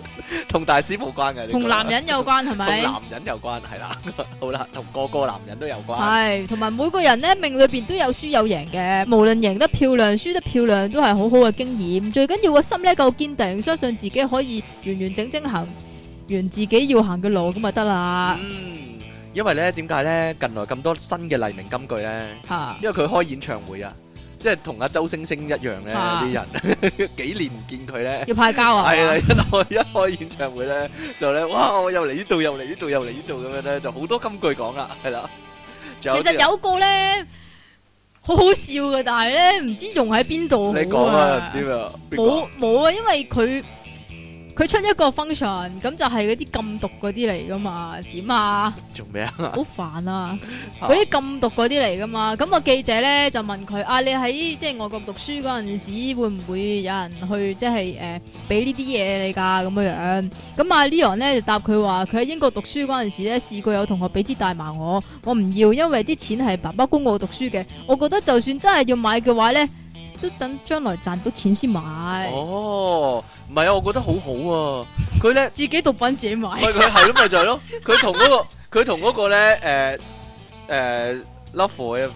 同大師冇關嘅，同男人有關係咪？同男人有關係啦，好啦，同個個男人都有關。係同埋每個人咧命裏邊都有輸有贏嘅，無論贏得漂亮，輸得漂亮，都係好好嘅經驗。最緊要個心咧夠堅定，相信自己可以完完整整行完自己要行嘅路，咁咪得啦。嗯，因為咧點解咧近來咁多新嘅黎明金句咧？吓，因為佢開演唱會啊。即係同阿周星星一樣咧，啲、啊、些人 幾年唔見佢咧，要派膠啊！係啦， 一開一開演唱會咧，就咧，哇！我又嚟呢度，又嚟呢度，又嚟呢度咁樣咧，就好多金句講啊，係啦。其實有個咧好好笑嘅，但係咧唔知用喺邊度你講啊？冇冇啊，因為佢。佢出一個 function，咁就係嗰啲禁毒嗰啲嚟噶嘛？點啊？做咩什啊？ 好煩啊！嗰啲禁毒嗰啲嚟噶嘛？咁啊，記者咧就問佢：啊，你喺即係外國讀書嗰陣時，會唔會有人去即係誒俾呢啲嘢你㗎咁樣樣？咁啊，Leon 咧就答佢話：佢喺英國讀書嗰陣時咧，試過有同學俾支大麻我，我唔要，因為啲錢係爸爸供我讀書嘅。我覺得就算真係要買嘅話咧，都等將來賺到錢先買。哦。唔係啊，我覺得好好啊！佢咧自己毒品自己買，係咯，咪就係咯。佢同嗰個佢同嗰個咧誒誒 Love Forever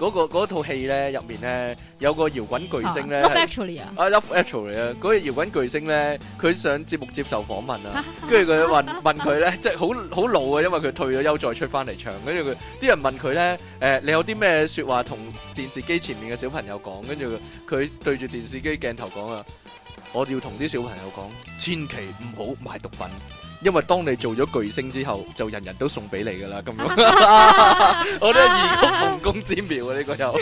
嗰個嗰套戲咧入面咧有個搖滾巨星咧，Love Actually 啊，Love Actually 啊，嗰個搖滾巨星咧，佢上節目接受訪問啊，跟住佢問問佢咧，即係好好老啊，因為佢退咗休再出翻嚟唱，跟住佢啲人問佢咧誒，你有啲咩説話同電視機前面嘅小朋友講？跟住佢對住電視機鏡頭講啊！我哋要同啲小朋友講，千祈唔好買毒品，因為當你做咗巨星之後，就人人都送俾你噶啦，咁樣。我都異曲同工之妙啊，呢個又。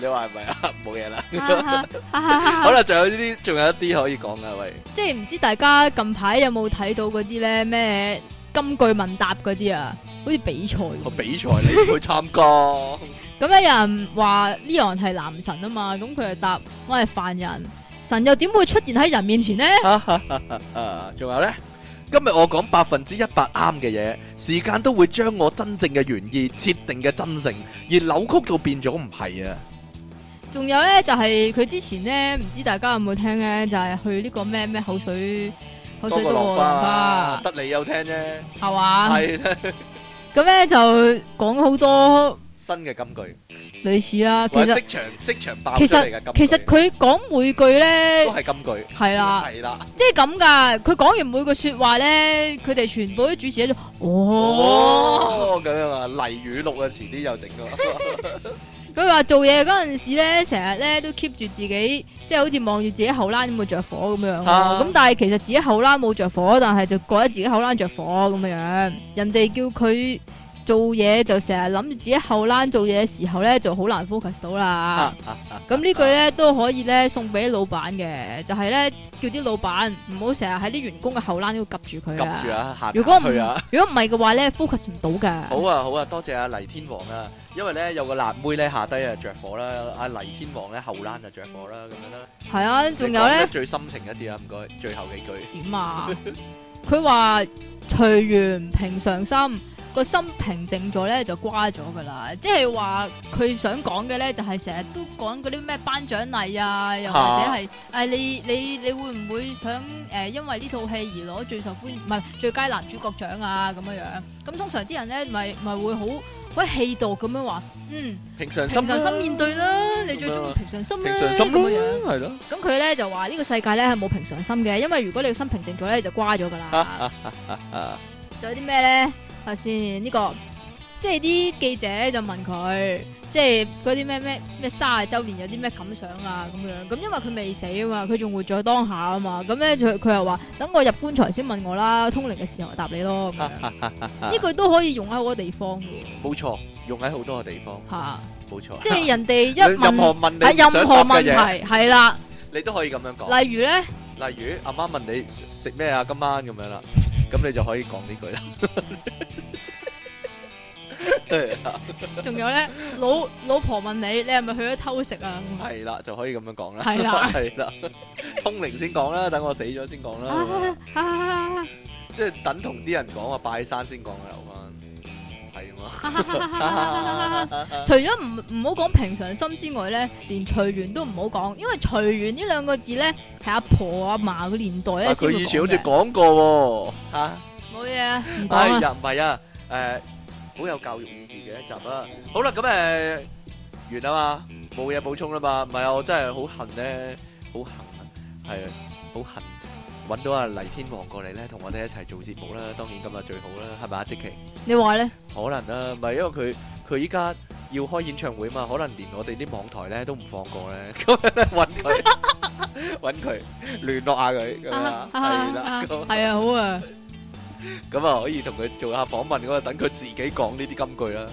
你話係咪啊？冇嘢啦。好啦，仲有呢啲，仲有一啲可以講噶喂。即係唔知大家近排有冇睇到嗰啲咧咩金句問答嗰啲啊？好似比賽，個比賽你要去參加。咁有人話 Leon 係男神啊嘛，咁佢就答我係凡人，神又點會出現喺人面前呢？仲 有呢，今日我講百分之一百啱嘅嘢，時間都會將我真正嘅原意設定嘅真誠而扭曲到變咗唔係啊！仲有呢，就係、是、佢之前呢，唔知大家有冇聽呢，就係去呢個咩咩口水口水多啊，得你有聽啫，係嘛？係啦，咁呢就講好多。新嘅金句，類似啦、啊。其實職場職場爆出嚟嘅金句。其實佢講每句咧，都係金句。係啦，係啦，即係咁噶。佢講完每句說話咧，佢哋全部都主持喺度。哦，咁樣啊，例語錄啊，遲啲又整啊。佢話 做嘢嗰陣時咧，成日咧都 keep 住自己，即係好似望住自己後欄咁會着火咁樣。樣啊。咁但係其實自己後欄冇着火，但係就覺得自己後欄着火咁樣樣。人哋叫佢做嘢就成日諗住自己後欄做嘢嘅時候咧，就好難 focus 到啦。咁呢句咧都可以咧送俾老闆嘅，就係咧叫啲老闆唔好成日喺啲員工嘅後欄呢度夾住佢。如果唔如果唔係嘅話咧，focus 唔到嘅。好啊好啊，多謝阿黎天王啊，因為咧有個辣妹咧下低啊着火啦，阿黎天王咧後欄就着火啦咁樣啦。係啊，仲有咧最深情一啲啊，唔該，最後幾句。點啊？佢話隨緣平常心。個心平靜咗咧，就瓜咗噶啦。即係話佢想講嘅咧，就係成日都講嗰啲咩頒獎禮啊，又或者係誒，你你你會唔會想誒，因為呢套戲而攞最受歡迎唔係最佳男主角獎啊？咁樣樣咁通常啲人咧，咪咪會好好氣度咁樣話嗯，平常心平常心面對啦。你最中意平常心啦咁樣係咯。咁佢咧就話呢個世界咧係冇平常心嘅，因為如果你個心平靜咗咧，就瓜咗噶啦。仲有啲咩咧？先呢、呢個，即係啲記者就問佢，即係嗰啲咩咩咩卅周年有啲咩感想啊咁樣，咁因為佢未死啊嘛，佢仲活在當下啊嘛，咁咧佢佢又話等我入棺材先問我啦，通靈嘅時候答你咯，呢句都可以用喺好多地方，冇錯、啊，用喺好多嘅地方，吓，冇錯，即係人哋一問 任何問你想答嘅嘢，係 啦， 你都可以咁樣講，例如咧，例如阿媽問你食咩啊今晚咁樣啦。咁你就可以講呢句啦。係啊。仲有咧，老老婆問你，你係咪去咗偷食啊？係啦，就可以咁樣講啦。係啦，係啦。通靈先講啦，等我死咗先講啦。即係等同啲人講我拜山先講啊！ 除咗唔唔好講平常心之外咧，連隨緣都唔好講，因為隨緣呢兩個字咧係阿婆阿嫲嘅年代咧先會出現。佢以前好似講過吓、哦，冇嘢唔講啦。唔係啊，誒，好有教育意義嘅一集、嗯嗯嗯嗯，啦。好啦，咁誒完啦嘛，冇嘢補充啦嘛。唔係啊，我真係好恨咧，好恨，係、 嗯、啊，好恨。嗯啊好恨揾到阿黎天王過嚟咧，同我哋一齊做節目啦。當然今日最好啦，係嘛？積淇你話咧，可能啦，唔係因為佢佢依家要開演唱會嘛，可能連我哋啲網台咧都唔放過咧，咁樣咧揾佢揾佢聯絡下佢咁樣啊，係啦，好係啊，好啊，咁啊可以同佢做下訪問嗰個，等佢自己講呢啲金句啦。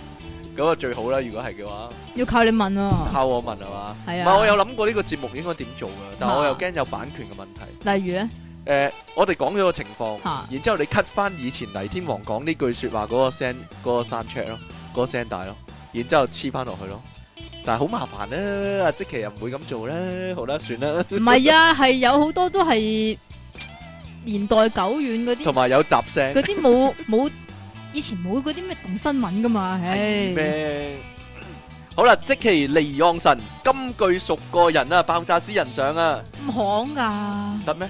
咁啊最好啦，如果係嘅話，要靠你問啊，靠我問係嘛？係啊，唔係我有諗過呢個節目應該點做㗎，但係我又驚有版權嘅問題。例如咧？誒、欸，我哋講咗個情況，啊、然之後你 cut 翻以前黎天王講呢句說話嗰、那個聲，嗰、那個 sound check 咯，嗰個聲大咯，然之後黐翻落去咯，但係好麻煩咧，阿積淇又唔會咁做咧，好啦，算啦。唔係啊，係 有好多都係年代久遠嗰啲，同埋有，有雜聲，嗰啲冇冇以前冇嗰啲咩動新聞噶嘛，係咩？好啦，積淇離岸神金句熟個人啊，爆炸私人相啊，唔行噶得咩？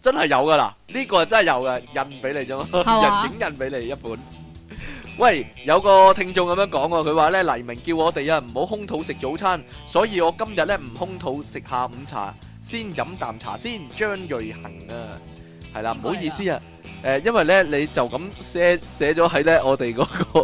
真係有噶啦，呢、呢個真係有嘅印俾你啫嘛，吧人影印俾你一本。 喂，有個聽眾咁樣講喎，佢話呢黎明叫我哋啊唔好空肚食早餐，所以我今日呢唔空肚食下午茶，先飲啖茶先。張瑞恒啊，係啦、啊，唔好意思啊。誒，因為咧，你就咁寫寫咗喺咧我哋嗰個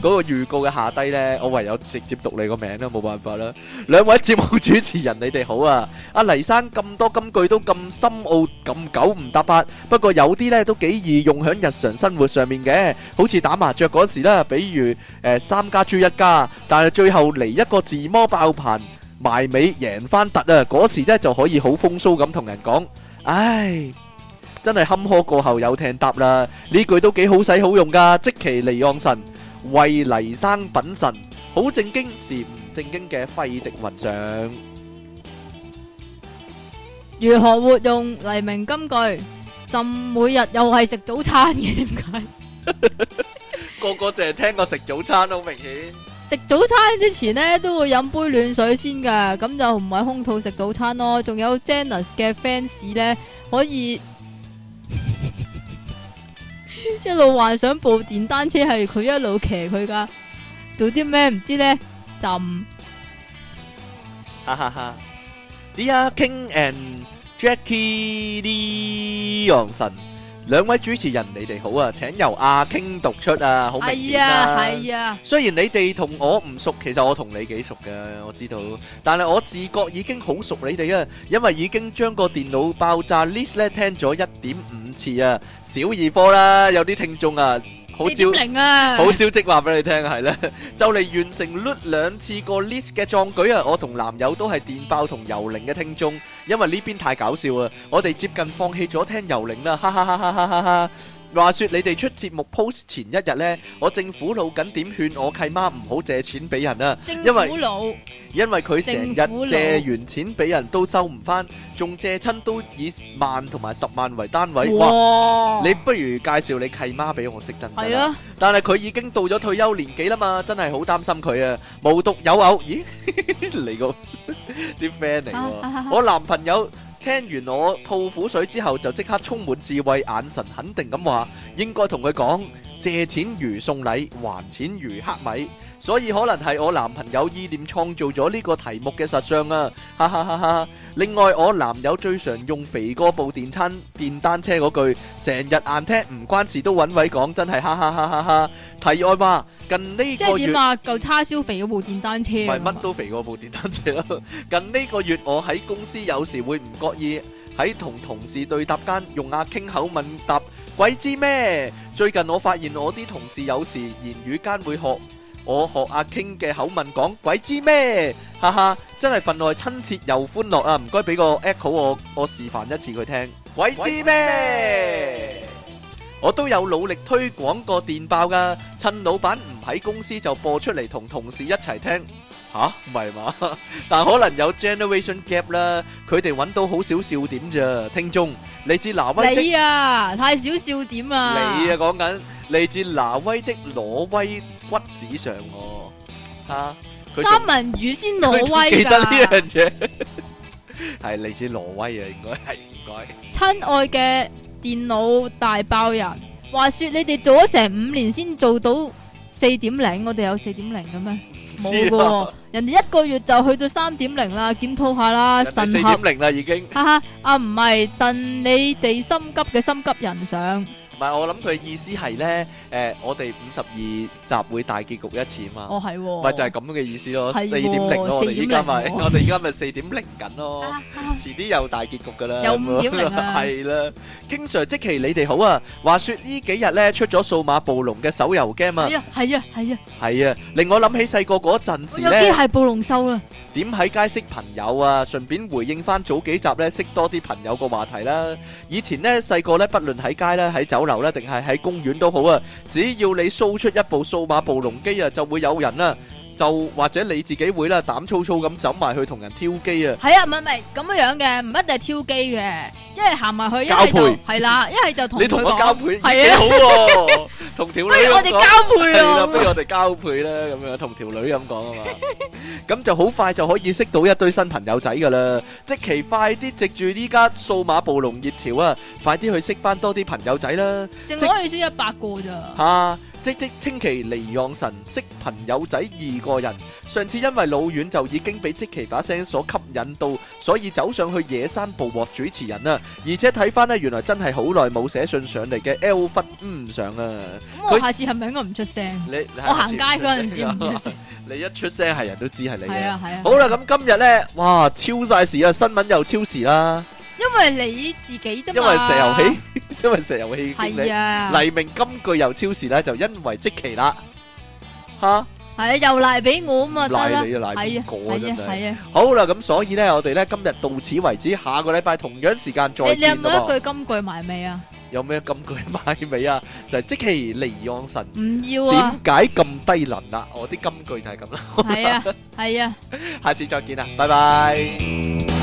嗰個預告嘅下低咧，我唯有直接讀你個名啦，冇辦法啦。兩位節目主持人，你哋好啊！阿黎生咁多金句都咁深奧咁久唔搭八，不過有啲咧都幾易用喺日常生活上面嘅，好似打麻雀嗰時啦，比如誒三家煮一家，但係最後嚟一個自摸爆棚，埋尾贏翻突啊！嗰時咧就可以好風騷咁同人講，唉。真係坎坷過後有艇搭啦，呢句都幾好使好用噶。積淇離岸神，為黎生品神，好正經是唔正經嘅費爾迪雲上。如何活用黎明金句？朕每日又係食早餐嘅，點解？個個淨係聽我食早餐，好明顯。食早餐之前呢，都會飲杯暖水先㗎，咁就唔係空肚食早餐咯。仲有 Janice 嘅 fans 呢，可以。一路幻想部電單車係佢，一路騎佢噶，做啲咩唔知咧？朕哈哈哈！阿 king and Jackie 離岸神兩位主持人，你哋好啊，請由阿 king 讀出啊，好明顯啦。係啊，係啊。雖然你哋同我唔熟，其實我同你幾熟噶，我知道。但係我自覺已經好熟你哋啊，因為已經將個電腦爆炸 list 咧聽咗一點五次啊。小兒科啦，有啲聽眾啊，好招好、啊、 招積話俾你聽係啦，就嚟 完成轆兩次個 list 嘅壯舉啊！我同男友都係電爆同遊靈嘅聽眾，因為呢邊太搞笑啊！我哋接近放棄咗聽遊靈啦，哈哈哈哈哈哈哈。話說你哋出節目 post 前一日呢，我正苦惱緊點勸我契媽唔好借錢俾人啊！政府老，因為佢成日借完錢俾人都收唔返，仲借親都以萬同埋十萬為單位。哇！你不如介紹你契媽俾我識得。係啊，但係佢已經到咗退休年紀啦嘛，真係好擔心佢啊！無獨有偶，咦，嚟個啲 friend 嚟喎，我男朋友。聽完我吐苦水之後，就即刻充滿智慧，眼神肯定咁話：應該同佢講。借錢如送禮，還錢如黑米，所以可能係我男朋友意念創造咗呢個題目嘅實相啊！哈哈哈哈。另外，我男友最常用肥過部電餐電單車嗰句，成日硬聽唔關事都揾位講，真係哈哈哈哈哈。題外話，近呢個月即係點啊？嚿叉燒肥過部電單車，咪乜都肥過部電單車咯。 近呢個月，我喺公司有時會唔覺意喺同同事對答間用阿、啊、傾口問答，鬼知咩？最近我發現我啲同事有時言語間會學我學阿 King 嘅口吻講鬼知咩，哈哈，真係份內親切又歡樂啊！唔該俾個 echo 我，我示範一次佢聽。鬼知咩？我都有努力推廣過電爆噶、啊，趁老闆唔喺公司就播出嚟同同事一齊聽。吓唔係嘛？但可能有 generation gap 啦，佢哋揾到好少笑點啫。聽眾，嚟自拿威的你啊，太少笑點啊！你啊，講緊嚟自拿威的挪威骨子上哦，吓三文魚先挪威噶，記得呢樣嘢，係嚟自挪威啊，應該係唔該。親愛嘅電腦大爆人，話說你哋做咗成五年先做到四點零，我哋有四點零嘅咩？冇噶， 人哋一個月就去到三點零啦，檢討下啦，四點零啦已經。哈哈、 啊，啊唔係，鄧你哋心急嘅心急人上。唔係我諗佢意思係咧，誒我哋五十二集會大結局一次啊嘛。哦，係喎。咪就係咁樣嘅意思咯，四點零咯，我哋依家咪，我哋依家咪四點零緊咯。遲啲又大結局㗎啦。又五點零啊。係啦，經常即期你哋好啊。話説呢幾日咧出咗《數碼暴龍》嘅手遊 game 啊。係啊，係啊，係啊。係啊，令我諗起細個嗰陣時咧。有啲係暴龍獸啦。點喺街識朋友啊？順便回應翻早幾集咧識多啲朋友個話題啦。以前咧細個咧不論喺街啦喺酒樓咧，定係喺公園都好啊！只要你掃出一部數碼暴龍機啊，就會有人啦。就或者你自己會啦，膽粗粗咁走埋去同人挑機啊！係啊，唔係唔係咁樣樣嘅，唔一定係挑機嘅，一係行埋去，一係就係啦，一係就同你同我交配，係啊，好喎，同條女咁講，不如我哋交配啊，不如我哋交配啦，咁樣同條女咁講啊嘛，咁就好快就可以識到一堆新朋友仔噶啦，即期快啲，藉住依家數碼暴龍熱潮啊，快啲去識翻多啲朋友仔啦，淨可以識一百個咋，吓。即即積淇離岸神識朋友仔二個人。上次因為老遠就已經俾積淇把聲所吸引到，所以走上去野山捕獲主持人啦。而且睇翻呢，原來真係好耐冇寫信上嚟嘅 L 忽嗯唔上啊。咁我下次係咪應該唔出聲？你我行街嗰陣時唔出聲。你一出聲係人都知係你。係啊，係啊。好啦，咁今日呢，哇超晒時啊，新聞又超時啦。因為你自己啫嘛，因為石油氣，因為石油氣，黎明金句又超時咧，就因為積淇啦，吓係啊，又賴俾我啊嘛，賴你啊，賴邊個啊真係，好啦，咁所以咧，我哋咧今日到此為止，下個禮拜同樣時間再見。你有冇一句金句埋尾啊？有咩金句埋尾啊？就係積淇離岸神，唔要啊？點解咁低能啊？我啲金句就係咁啦。係啊，係啊，下次再見啦，拜拜。